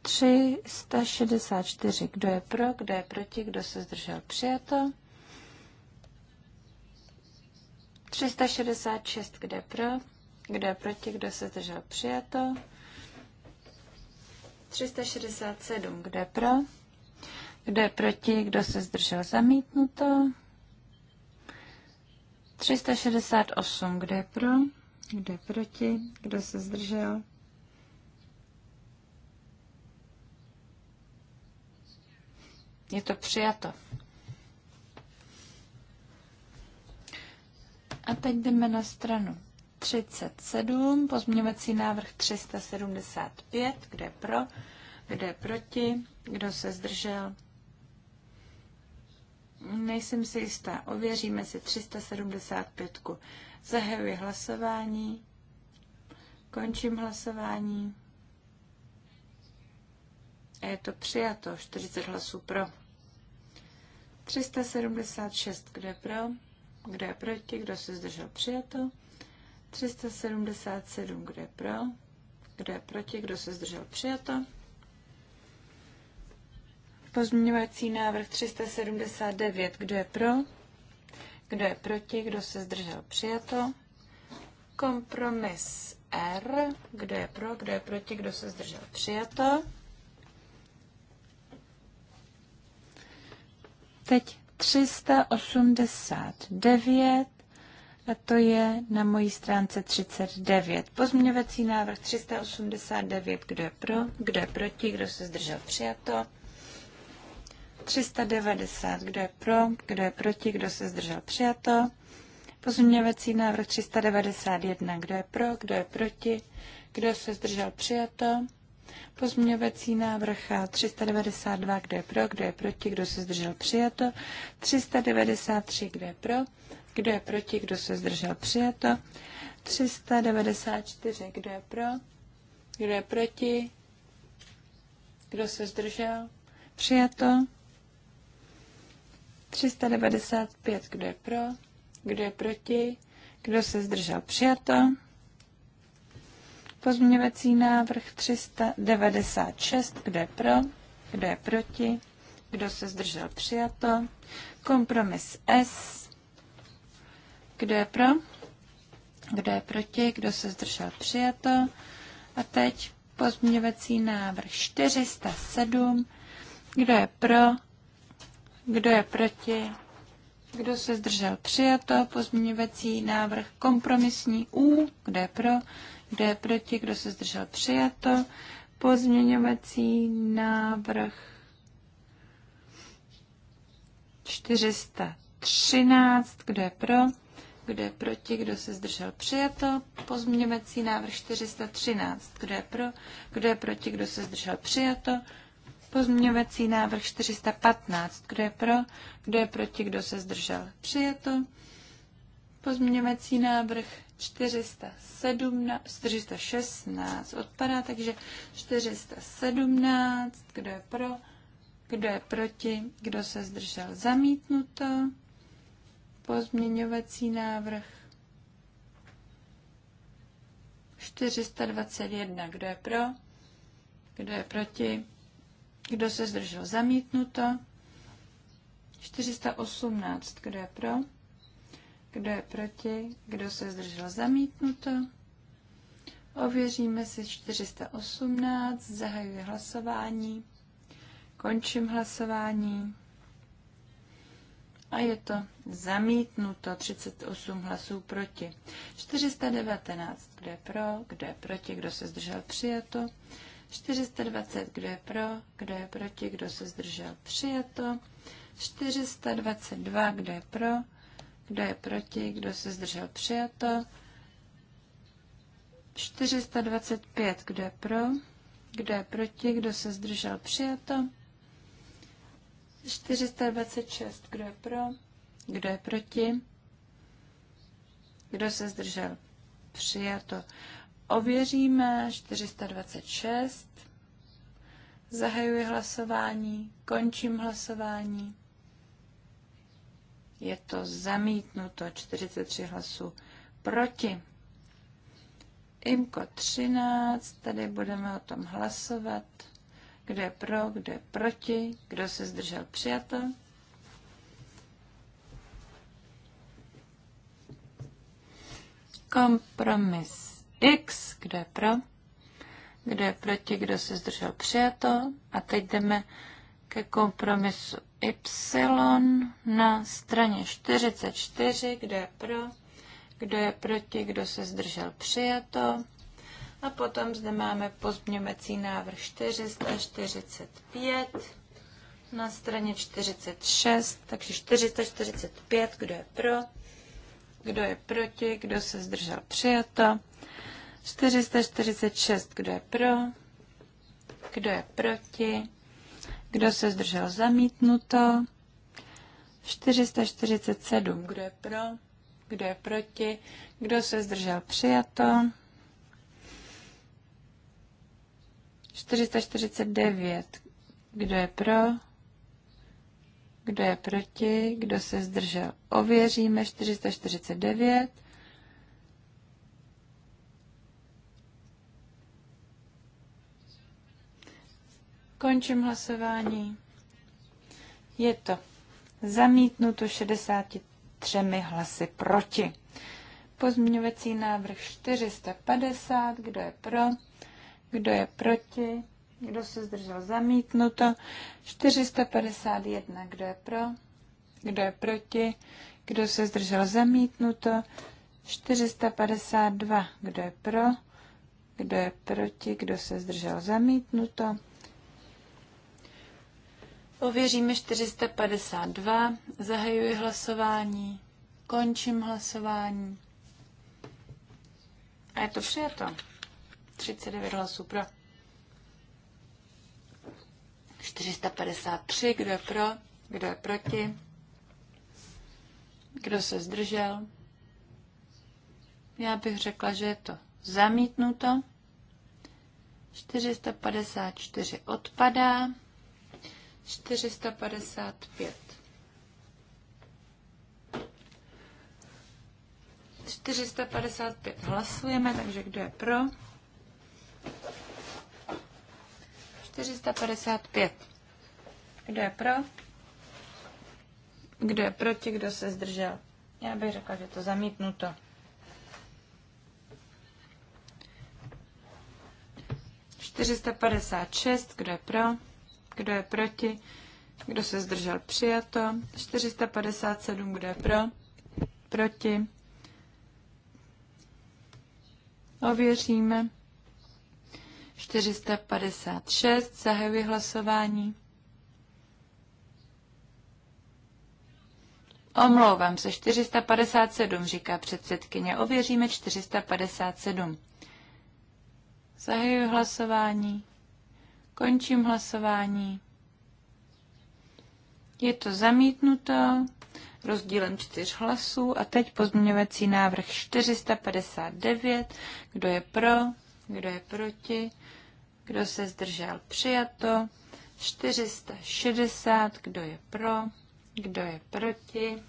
364. Kdo je pro? Kdo je proti? Kdo se zdržel? Přijato. 366. Kdo je pro? Kdo je proti? Kdo se zdržel? Přijato. 367. Kdo je pro? Kdo je proti? Kdo se zdržel? Zamítnuto. 368, kdo je pro, kdo je proti, kdo se zdržel. Je to přijato. A teď jdeme na stranu 37, pozměňovací návrh 375, kde pro, kde proti, kdo se zdržel, Nejsem si jistá. Ověříme si 375. Zahajuji hlasování. Končím hlasování. A je to přijato. 40 hlasů pro. 376. Kdo je pro? Kdo je proti? Kdo se zdržel? Přijato. 377. Kdo je pro? Kdo je proti? Kdo se zdržel? Přijato. Pozměňovací návrh 379. Kdo je pro? Kdo je proti? Kdo se zdržel? Přijato. Kompromis R. Kdo je pro? Kdo je proti? Kdo se zdržel? Přijato. Teď 389 a to je na mojí stránce 39. Pozměňovací návrh 389. Kdo je pro? Kdo je proti? Kdo se zdržel? Přijato. 390. Kdo je pro? Kdo je proti? Kdo se zdržel? Přijato. Pozměňovací návrh 391. Kdo je pro? Kdo je proti? Kdo se zdržel? Přijato. Pozměňovací návrh 392, kdo je pro, kdo je proti, kdo se zdržel přijato. 393, kdo je pro, kdo je proti, kdo se zdržel přijato. 394, kdo je pro, kdo je proti, kdo se zdržel přijato. 395, kdo je pro, kdo je proti, kdo se zdržel přijato. Pozměňovací návrh 396, kdo je pro, kdo je proti, kdo se zdržel přijato. Kompromis S, kdo je pro, kdo je proti, kdo se zdržel přijato. A teď pozměňovací návrh 407, kdo je pro, kdo je proti? Kdo se zdržel? Přijato. Pozměňovací návrh kompromisní U. Kdo je pro? Kdo je proti? Kdo se zdržel? Přijato. Pozměňovací návrh 413. Kdo je pro? Kdo je proti? Kdo se zdržel? Přijato. Pozměňovací návrh 413. Kdo je pro? Kdo je proti? Kdo se zdržel? Přijato. Pozměňovací návrh 415. Kdo je pro? Kdo je proti? Kdo se zdržel? Přijeto. Pozměňovací návrh 417, 416 odpadá, takže 417. Kdo je pro? Kdo je proti? Kdo se zdržel? Zamítnuto. Pozměňovací návrh 421. Kdo je pro? Kdo je proti? Kdo se zdržel? Zamítnuto. 418. Kdo je pro? Kdo je proti? Kdo se zdržel? Zamítnuto. Ověříme si 418. Zahajuji hlasování. Končím hlasování. A je to zamítnuto 38 hlasů proti. 419, kdo je pro, kdo je proti, kdo se zdržel přijato. 420, kdo je pro, kdo je proti, kdo se zdržel, přijato. 422, kdo je pro, kdo je proti, kdo se zdržel, přijato. 425, kdo je pro, kdo je proti, kdo se zdržel, přijato. 426, kdo je pro, kdo je proti, kdo se zdržel, přijato. Ověříme 426. Zahajuji hlasování, končím hlasování. Je to zamítnuto 43 hlasů proti. IMKO 13, tady budeme o tom hlasovat. Kdo je pro, kdo je proti, kdo se zdržel přijato. Kompromis X, kdo je pro, kdo je proti, kdo se zdržel přijato. A teď jdeme ke kompromisu Y na straně 44, kdo je pro, kdo je proti, kdo se zdržel přijato. A potom zde máme pozměňovací návrh 445 na straně 46, takže 445, kdo je pro, kdo je proti, kdo se zdržel přijato. 446, kdo je pro, kdo je proti, kdo se zdržel zamítnuto, 447, kdo je pro, kdo je proti, kdo se zdržel přijato, 449, kdo je pro, kdo je proti, kdo se zdržel ověříme, 449, Končím hlasování. Je to zamítnuto 63 hlasy proti. Pozměňovací návrh 450, kdo je pro, kdo je proti, kdo se zdržel zamítnuto, 451, kdo je pro, kdo je proti, kdo se zdržel zamítnuto, 452, kdo je pro, kdo je proti, kdo se zdržel zamítnuto, Ověříme 452. Zahajuji hlasování. Končím hlasování. A je to přijato. 39 hlasů pro. 453, kdo je pro, kdo je proti, kdo se zdržel. Já bych řekla, že je to zamítnuto. 454 odpadá. 455. 455 hlasujeme, takže kdo je pro? 455. Kdo je pro? Kdo je proti? Kdo se zdržel? Já bych řekla, že to zamítnuto. 456. Kdo je pro? kdo je proti, kdo se zdržel přijato, 457, kdo je pro, proti. Ověříme. 456, zahajuji hlasování. Omlouvám se, 457, říká předsedkyně. Ověříme 457. Zahajuji hlasování. Končím hlasování. Je to zamítnuto rozdílem čtyř hlasů. A teď pozměňovací návrh 459. Kdo je pro? Kdo je proti? Kdo se zdržel? Přijato. 460. Kdo je pro? Kdo je proti?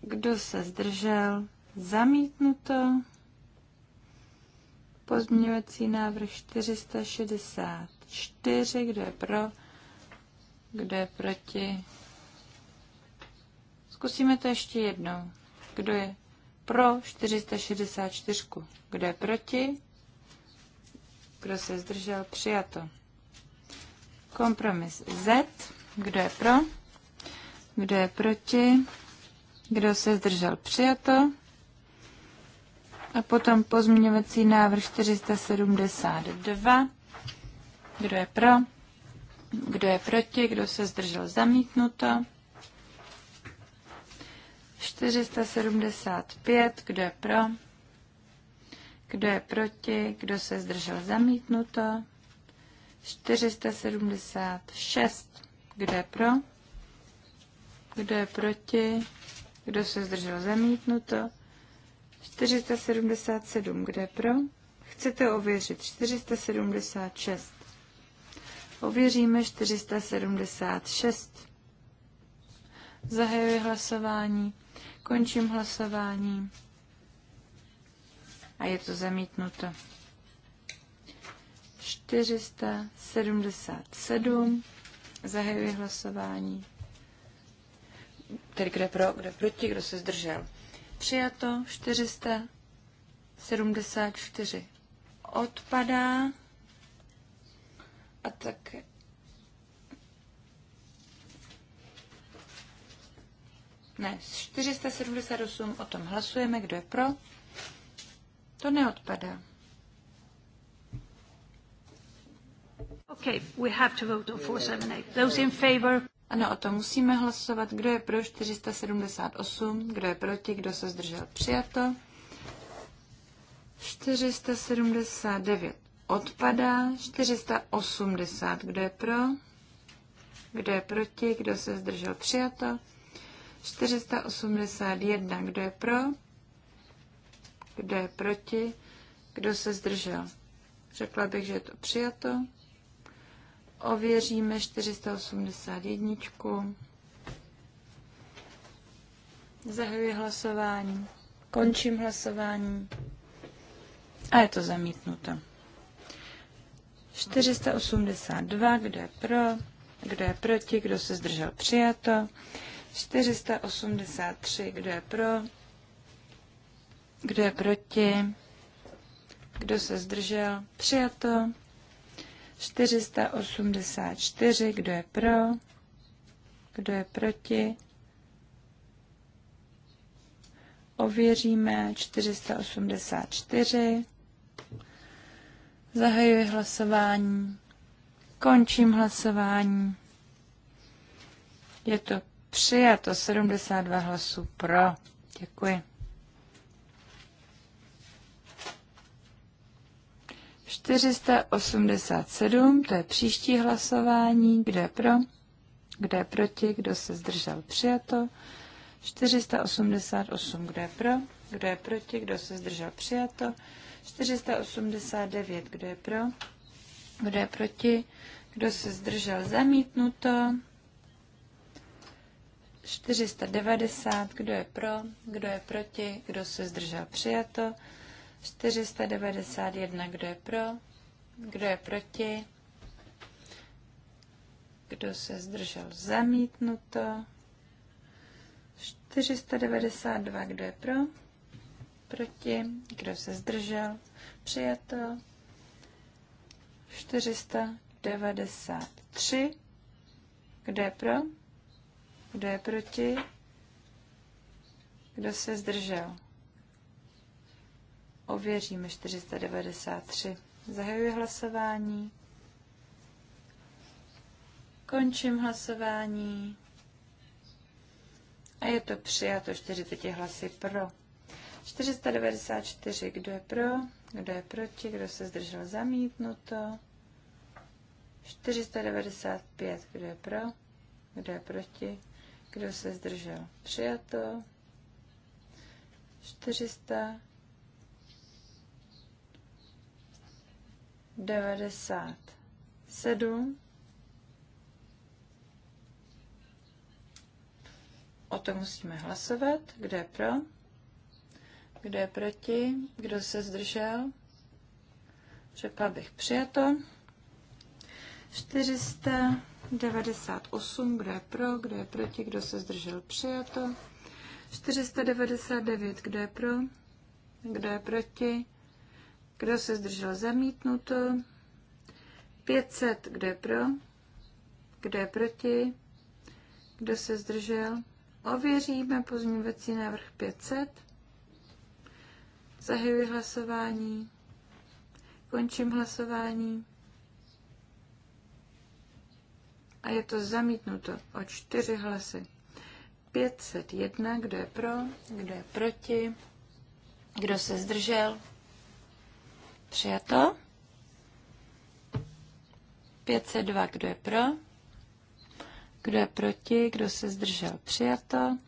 Kdo se zdržel? Zamítnuto. Pozměňovací návrh 464, kdo je pro, kdo je proti. Zkusíme to ještě jednou. Kdo je pro 464? Kdo je proti? Kdo se zdržel? Přijato. Kompromis Z. Kdo je pro? Kdo je proti? Kdo se zdržel? Přijato. A potom pozměňovací návrh 472. Kdo je pro? Kdo je proti? Kdo se zdržel zamítnuto? 475. Kdo je pro? Kdo je proti? Kdo se zdržel zamítnuto? 476. Kdo je pro? Kdo je proti? Kdo se zdržel zamítnuto? 477, kde pro? Chcete ověřit 476. Ověříme 476. Zahajuji hlasování, končím hlasování a je to zamítnuto. 477. Zahajuji hlasování. Tedy kde pro, kde proti, kdo se zdržel. Přijato 474 odpadá a tak ne, 478 o tom hlasujeme, kdo je pro. To neodpadá. Okay, we have to vote on 478. Those in favor? Ano, o tom musíme hlasovat. Kdo je pro 478, kdo je proti, kdo se zdržel přijato. 479 odpadá, 480, kdo je pro, kdo je proti, kdo se zdržel přijato. 481, kdo je pro, kdo je proti, kdo se zdržel. Řekla bych, že je to přijato. Ověříme 481. Zahajuji hlasování. Končím hlasování. A je to zamítnuto. 482, kdo je pro, kdo je proti, kdo se zdržel přijato. 483, kdo je pro, kdo je proti, kdo se zdržel přijato. 484, kdo je pro, kdo je proti. Ověříme 484. Zahajuji hlasování. Končím hlasování. Je to přijato 72 hlasů pro. Děkuji. 487, to je příští hlasování, kde je pro, kde je proti, kdo se zdržel přijato. 488, kde je pro, kdo je proti, kdo se zdržel přijato. 489, kdo je pro, kdo je proti, kdo se zdržel zamítnuto. 490, kdo je pro, kdo je proti, kdo se zdržel přijato. 491, kdo je pro, kdo je proti, kdo se zdržel zamítnuto. 492, kdo je pro, proti, kdo se zdržel, přijato. 493, kdo je pro, kdo je proti, kdo se zdržel. Ověříme 493. Zahajuji hlasování. Končím hlasování. A je to přijato 40 hlasy pro. 494. Kdo je pro? Kdo je proti? Kdo se zdržel zamítnuto? 495. Kdo je pro? Kdo je proti? Kdo se zdržel? Přijato. 400. 97. O tom musíme hlasovat. Kdo je pro? Kdo je proti? Kdo se zdržel? Řekla bych přijato. 498. Kdo je pro? Kdo je proti? Kdo se zdržel? Přijato. 499. Kdo je pro? Kdo je proti? Kdo se zdržel zamítnuto? 500. Kdo je pro? Kdo je proti? Kdo se zdržel? Ověříme pozměňovací návrh 500. Zahajuji hlasování. Končím hlasování. A je to zamítnuto o čtyři hlasy. 501, kdo je pro, kdo je proti, kdo se zdržel. Přijato. 502, kdo je pro? Kdo je proti? Kdo se zdržel? Přijato.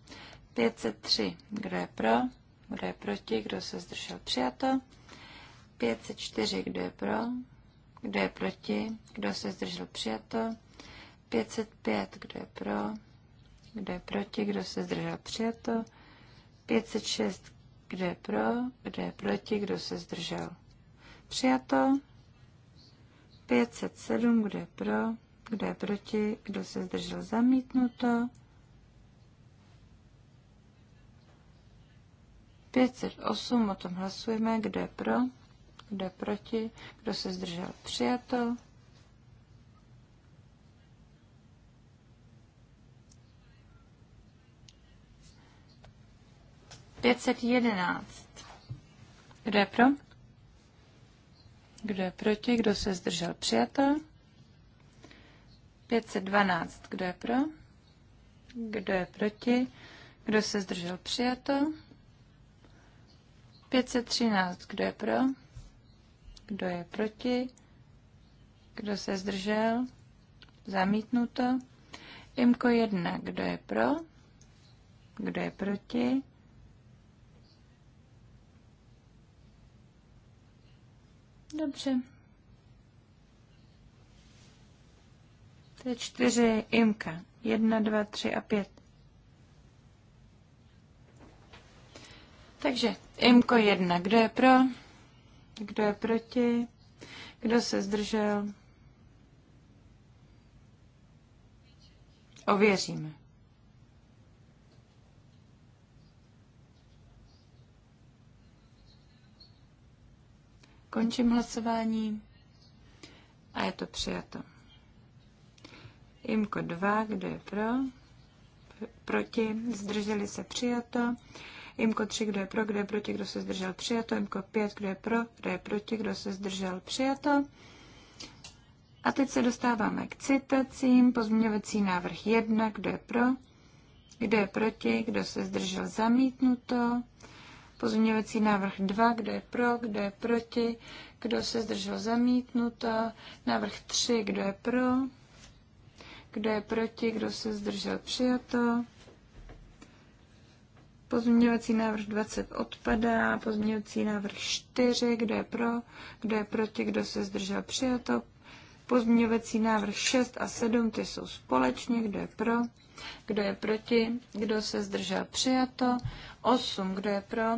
503, kdo je pro? Kdo je proti? Kdo se zdržel? Přijato. 504, kdo je pro? Kdo je proti? Kdo se zdržel? Přijato. 505, kdo je pro? Kdo je proti? Kdo se zdržel? Přijato. 506, kdo je pro? Kdo je proti? Kdo se zdržel? Přijato. 507, kdo je pro, kdo je proti, kdo se zdržel zamítnuto. 508, o tom hlasujeme, kdo je pro, kdo je proti, kdo se zdržel přijato. Pětset jedenáct. Kdo je pro? Kdo je proti? Kdo se zdržel? Přijato. 512. Kdo je pro? Kdo je proti? Kdo se zdržel? Přijato. 513. Kdo je pro? Kdo je proti? Kdo se zdržel? Zamítnuto. Imko 1. Kdo je pro? Kdo je proti? Dobře. To je čtyři imka. Jedna, dva, tři a pět. Takže imko jedna. Kdo je pro? Kdo je proti? Kdo se zdržel? Ověříme. Končím hlasování a je to přijato. Imko 2, kdo je pro? Proti, zdrželi se přijato. Imko 3, kdo je pro, kdo je proti, kdo se zdržel přijato. Imko 5, kdo je pro, kdo je proti, kdo se zdržel přijato. A teď se dostáváme k citacím. Pozměňovací návrh 1, kdo je pro, kdo je proti, kdo se zdržel zamítnuto. Pozměňovací návrh 2, kdo je pro, kdo je proti, kdo se zdržel zamítnuto. Návrh 3, kdo je pro, kdo je proti, kdo se zdržel přijato. Pozměňovací návrh 20 odpadá, pozměňovací návrh 4, kdo je pro, kdo je proti, kdo se zdržel přijato. Pozměňovací návrh 6 a 7, ty jsou společně, kdo je pro, kdo je proti? Kdo se zdržel? Přijato. 8. Kdo je pro?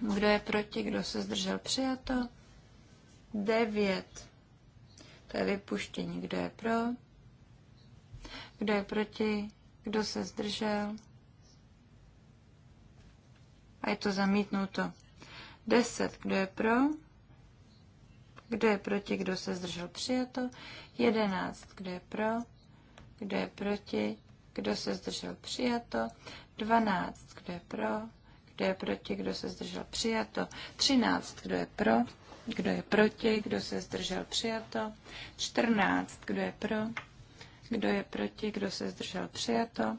Kdo je proti? Kdo se zdržel? Přijato. 9. To je vypuštění. Kdo je pro? Kdo je proti? Kdo se zdržel? A je to zamítnuto. 10. Kdo je pro? Kdo je proti? Kdo se zdržel? Přijato. 11. Kdo je pro? Kdo je proti? kdo se zdržel přijato, 12, kdo je pro, kdo je proti, kdo se zdržel přijato, 13, kdo je pro, kdo je proti, kdo se zdržel přijato, 14, kdo je pro, kdo je proti, kdo se zdržel přijato,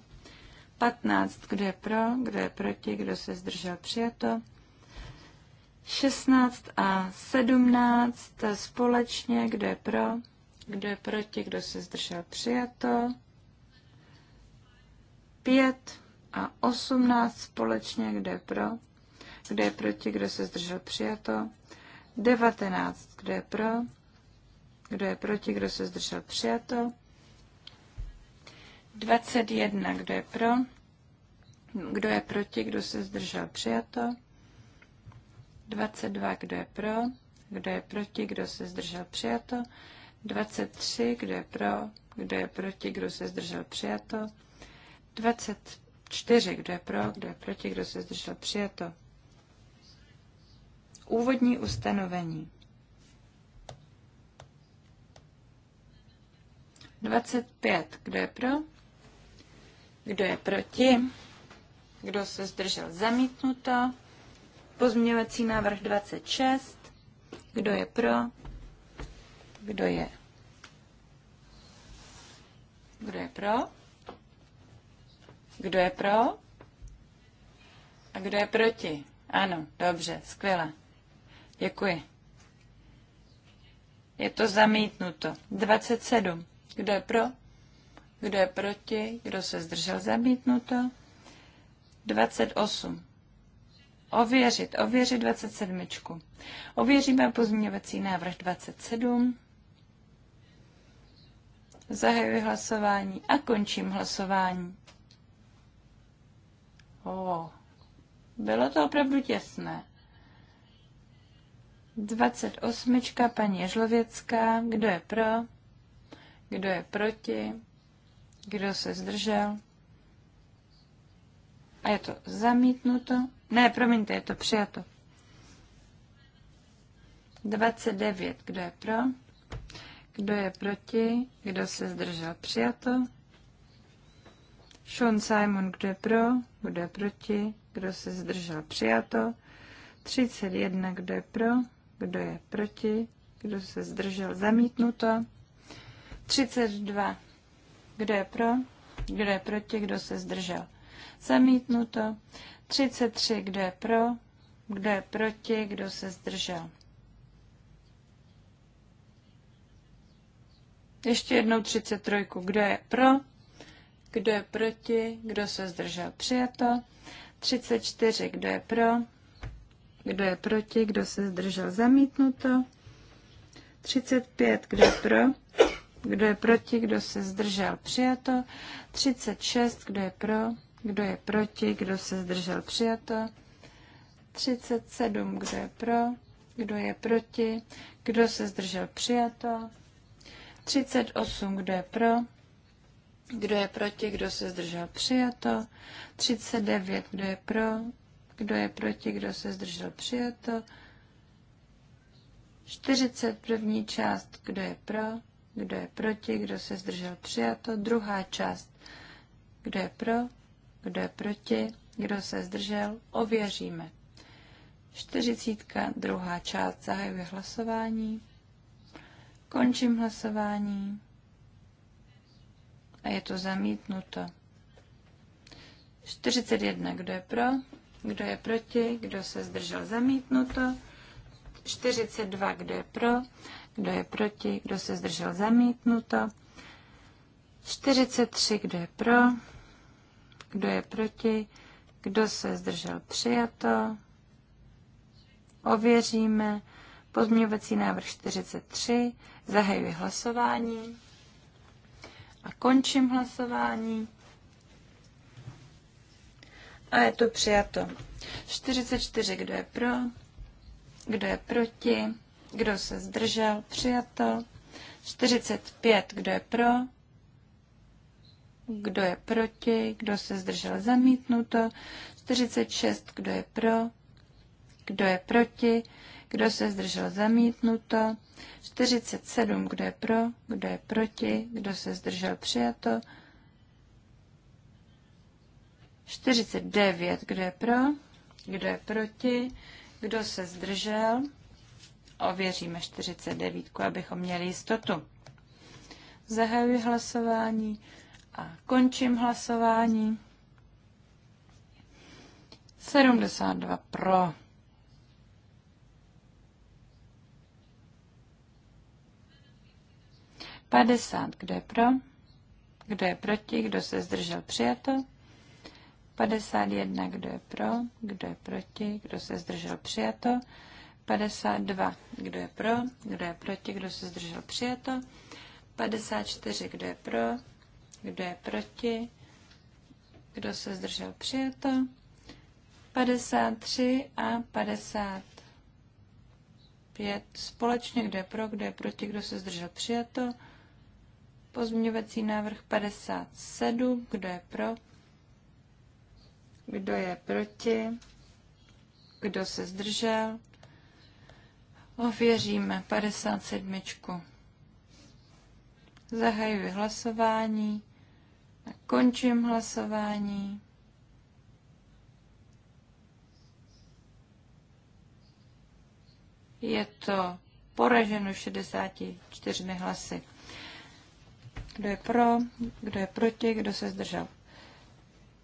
15, kdo je pro, kdo je proti, kdo se zdržel přijato, 16 a 17 společně, kdo je pro, kdo je proti, kdo se zdržel přijato, 5 a 18 společně, kde je pro, kde je proti, kdo se zdržel přijato, 19, kde je pro, kdo je proti, kdo se zdržel přijato, 21, kdo je pro, kdo je proti, kdo se zdržel přijato, 22, kdo je pro, kdo je proti, kdo se zdržel přijato, 23, kdo je pro, kdo je proti, kdo se zdržel přijato, 24. Kdo je pro, kdo je proti, kdo se zdržel? Přijato. Úvodní ustanovení. 25. Kdo je pro? Kdo je proti? Kdo se zdržel? Zamítnuto. Pozměňovací návrh 26. Kdo je pro? Kdo je? Kdo je pro? Kdo je pro? A kdo je proti? Ano, dobře, skvěle. Děkuji. Je to zamítnuto. 27. Kdo je pro? Kdo je proti? Kdo se zdržel zamítnuto? 28. Ověřit, ověřit 27. Ověříme pozměňovací návrh 27. Zahajuji hlasování a končím hlasování. O, bylo to opravdu těsné. 28. paní Žlověcká, kdo je pro, kdo je proti, kdo se zdržel. A je to zamítnuto. Ne, promiňte, je to přijato. 29. Kdo je pro? Kdo je proti? Kdo se zdržel? Přijato. Sean Simon, kdo je pro, kdo je proti, kdo se zdržel přijato. 31, kdo je pro, kdo je proti, kdo se zdržel zamítnuto. 32, kdo je pro, kdo je proti, kdo se zdržel zamítnuto. 33, kdo je pro, kdo je proti, kdo se zdržel. Ještě jednou 33, kdo je pro, kdo je proti? Kdo se zdržel? Přijato. 34. Kdo je pro? Kdo je proti? Kdo se zdržel? Zamítnuto. 35. Kdo je pro? Kdo je proti? Kdo se zdržel? Přijato. 36. Kdo je pro? Kdo je proti? Kdo se zdržel? Přijato. 37. Kdo je pro? Kdo je proti? Kdo se zdržel? Přijato. 38. Kdo je pro? Kdo je proti, kdo se zdržel přijato? 39. Kdo je pro? Kdo je proti, kdo se zdržel přijato? 40. První část. Kdo je pro? Kdo je proti, kdo se zdržel přijato? Druhá část. Kdo je pro? Kdo je proti? Kdo se zdržel? Ověříme. 40. Druhá část. Zahajuje hlasování. Končím hlasování a je to zamítnuto. 41, kdo je pro, kdo je proti, kdo se zdržel zamítnuto. 42, kdo je pro, kdo je proti, kdo se zdržel zamítnuto. 43, kdo je pro, kdo je proti, kdo se zdržel přijato. Ověříme pozměňovací návrh 43. Zahajuji hlasování. A končím hlasování. A je to přijato. 44, kdo je pro, kdo je proti, kdo se zdržel, přijato. 45, kdo je pro, kdo je proti, kdo se zdržel, zamítnuto. 46, kdo je pro, kdo je proti, kdo se zdržel zamítnuto? 47. Kdo je pro? Kdo je proti? Kdo se zdržel přijato? 49. Kdo je pro? Kdo je proti? Kdo se zdržel? Ověříme 49, abychom měli jistotu. Zahajuji hlasování a končím hlasování. 72 pro. 50. Kdo je pro? Kdo je proti? Kdo se zdržel? Přijato. 51. Kdo je pro? Kdo je proti? Kdo se zdržel? Přijato. 52. Kdo je pro? Kdo je proti? Kdo se zdržel? Přijato. 54. Kdo je pro? Kdo je proti? Kdo se zdržel? Přijato. 53 a 55 společně. Kdo je pro? Kdo je proti? Kdo se zdržel? Přijato. Pozměňovací návrh 57. Kdo je pro? Kdo je proti? Kdo se zdržel? Ověříme 57. Zahajuji hlasování. Končím hlasování. Je to poraženo 64 hlasy. Kdo je pro? Kdo je proti? Kdo se zdržel?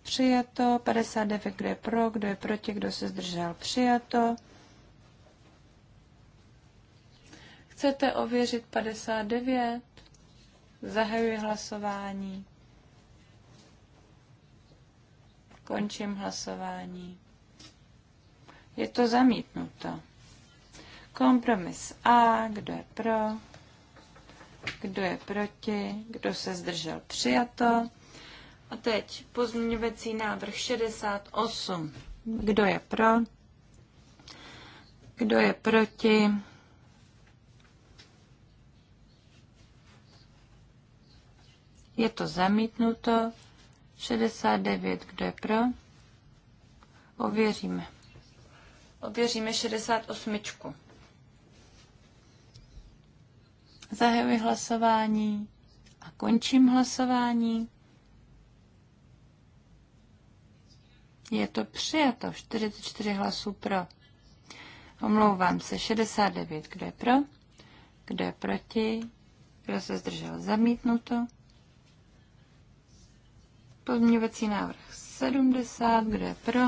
Přijato. 59. Kdo je pro? Kdo je proti? Kdo se zdržel? Přijato. Chcete ověřit 59? Zahajuji hlasování. Končím hlasování. Je to zamítnuto. Kompromis A, kdo je pro, kdo je proti, kdo se zdržel přijato. A teď pozměňovací návrh 68. Kdo je pro? Kdo je proti? Je to zamítnuto. 69. Kdo je pro? Ověříme. Ověříme 68. Zahajuji hlasování a končím hlasování. Je to přijato. 44 hlasů pro. Omlouvám se. 69. Kdo je pro? Kdo je proti? Kdo se zdržel? Zamítnuto. Pozměňovací návrh 70. Kdo je pro?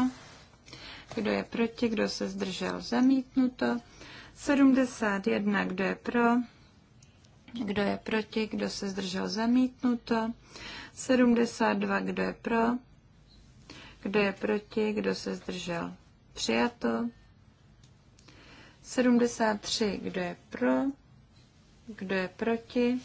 Kdo je proti? Kdo se zdržel? Zamítnuto. 71. Kdo je pro? Kdo je proti? Kdo se zdržel? Zamítnuto. 72. Kdo je pro? Kdo je proti? Kdo se zdržel? Přijato. 73. Kdo je pro? Kdo je proti?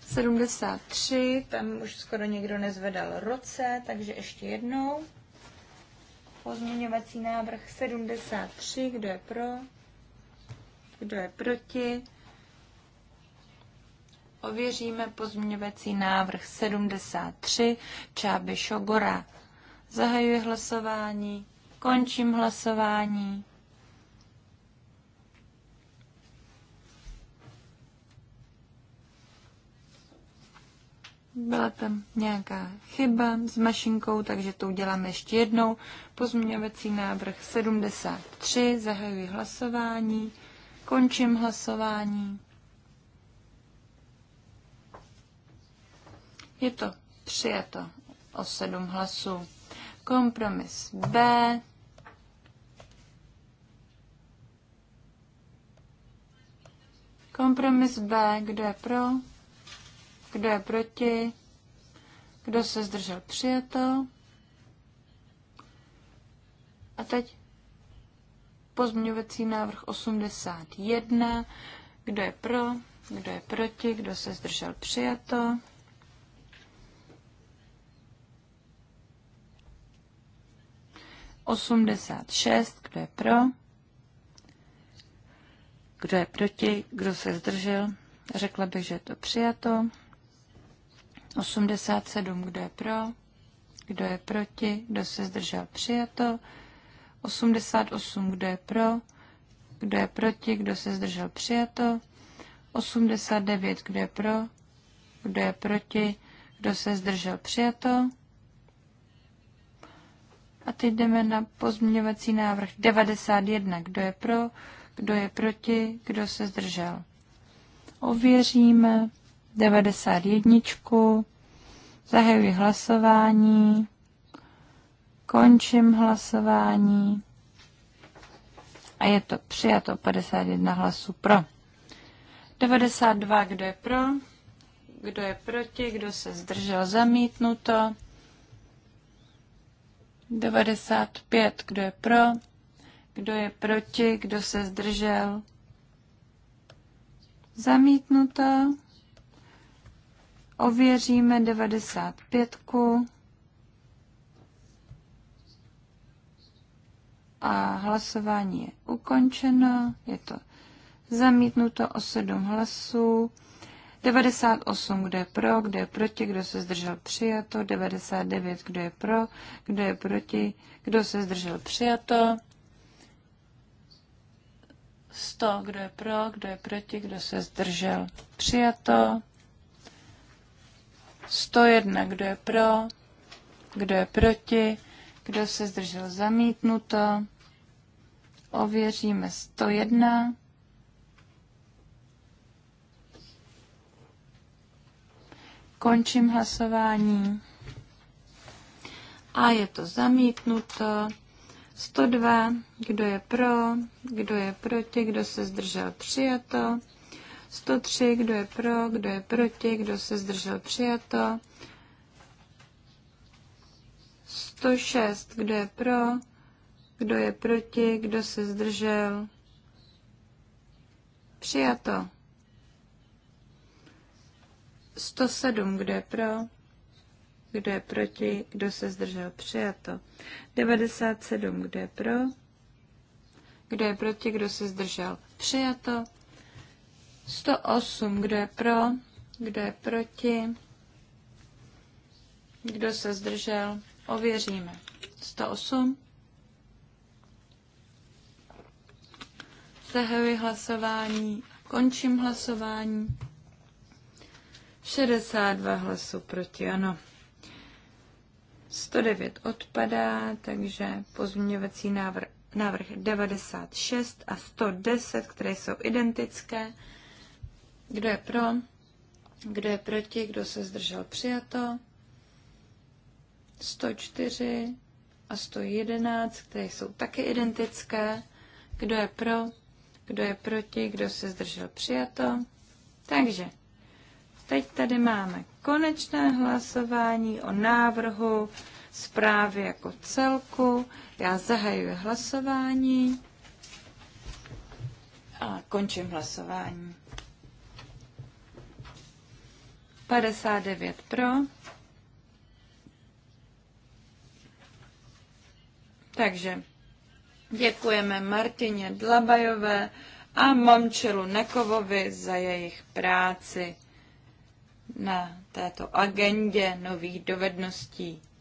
Sedmdesát tři, tam už skoro někdo nezvedal roce, takže ještě jednou. Pozměňovací návrh 73, kdo je pro? Kdo je proti? Ověříme pozměňovací návrh 73 Čáby Šogora. Zahajuji hlasování, končím hlasování. byla tam nějaká chyba s mašinkou, takže to uděláme ještě jednou. Pozměňovací návrh 73, zahajuji hlasování, končím hlasování. Je to přijato o 7 hlasů. Kompromis B. Kompromis B, kdo je pro? Kdo je proti? Kdo se zdržel? Přijato. A teď pozměňovací návrh 81. Kdo je pro? Kdo je proti? Kdo se zdržel? Přijato. Osmdesát šest, kdo je pro? Kdo je proti? Kdo se zdržel? Řekla bych, že je to přijato. 87, kdo je pro, kdo je proti, kdo se zdržel přijato, 88, kdo je pro, kdo je proti, kdo se zdržel přijato, 89, kdo je pro, kdo je proti, kdo se zdržel přijato. A teď jdeme na pozměňovací návrh 91, kdo je pro, kdo je proti, kdo se zdržel. Ověříme. 91. Zahajuji hlasování. Končím hlasování. A je to přijato 51 hlasů pro. 92, kdo je pro, kdo je proti, kdo se zdržel zamítnuto. 95, kdo je pro, kdo je proti, kdo se zdržel zamítnuto. Ověříme 95. A hlasování je ukončeno. Je to zamítnuto o 7 hlasů. 98, kdo je pro, kdo je proti, kdo se zdržel přijato. 99, kdo je pro, kdo je proti, kdo se zdržel přijato. 100, kdo je pro, kdo je proti, kdo se zdržel přijato. 101, kdo je pro, kdo je proti, kdo se zdržel zamítnuto. Ověříme 101. Končím hlasování. A je to zamítnuto. 102, kdo je pro, kdo je proti, kdo se zdržel přijato. 103, kdo je pro, kdo je proti, kdo se zdržel přijato. 106, kdo je pro, kdo je proti, kdo se zdržel přijato. 107, kdo je pro, kdo je proti, kdo se zdržel přijato. 97, kdo je pro, kdo je proti, kdo se zdržel přijato. 108. Kdo je pro? Kdo je proti? Kdo se zdržel? Ověříme. 108. Zahajuji hlasování. Končím hlasování. 62 hlasů proti, ano. 109 odpadá, takže pozměňovací návrh, návrh 96 a 110, které jsou identické. Kdo je pro? Kdo je proti? Kdo se zdržel? Přijato. 104 a 111, které jsou taky identické. Kdo je pro? Kdo je proti? Kdo se zdržel? Přijato. Takže teď tady máme konečné hlasování o návrhu zprávy jako celku. Já zahajuji hlasování a končím hlasování. 59 pro. Takže děkujeme Martině Dlabajové a Momčelu Nekovovi za jejich práci na této agendě nových dovedností.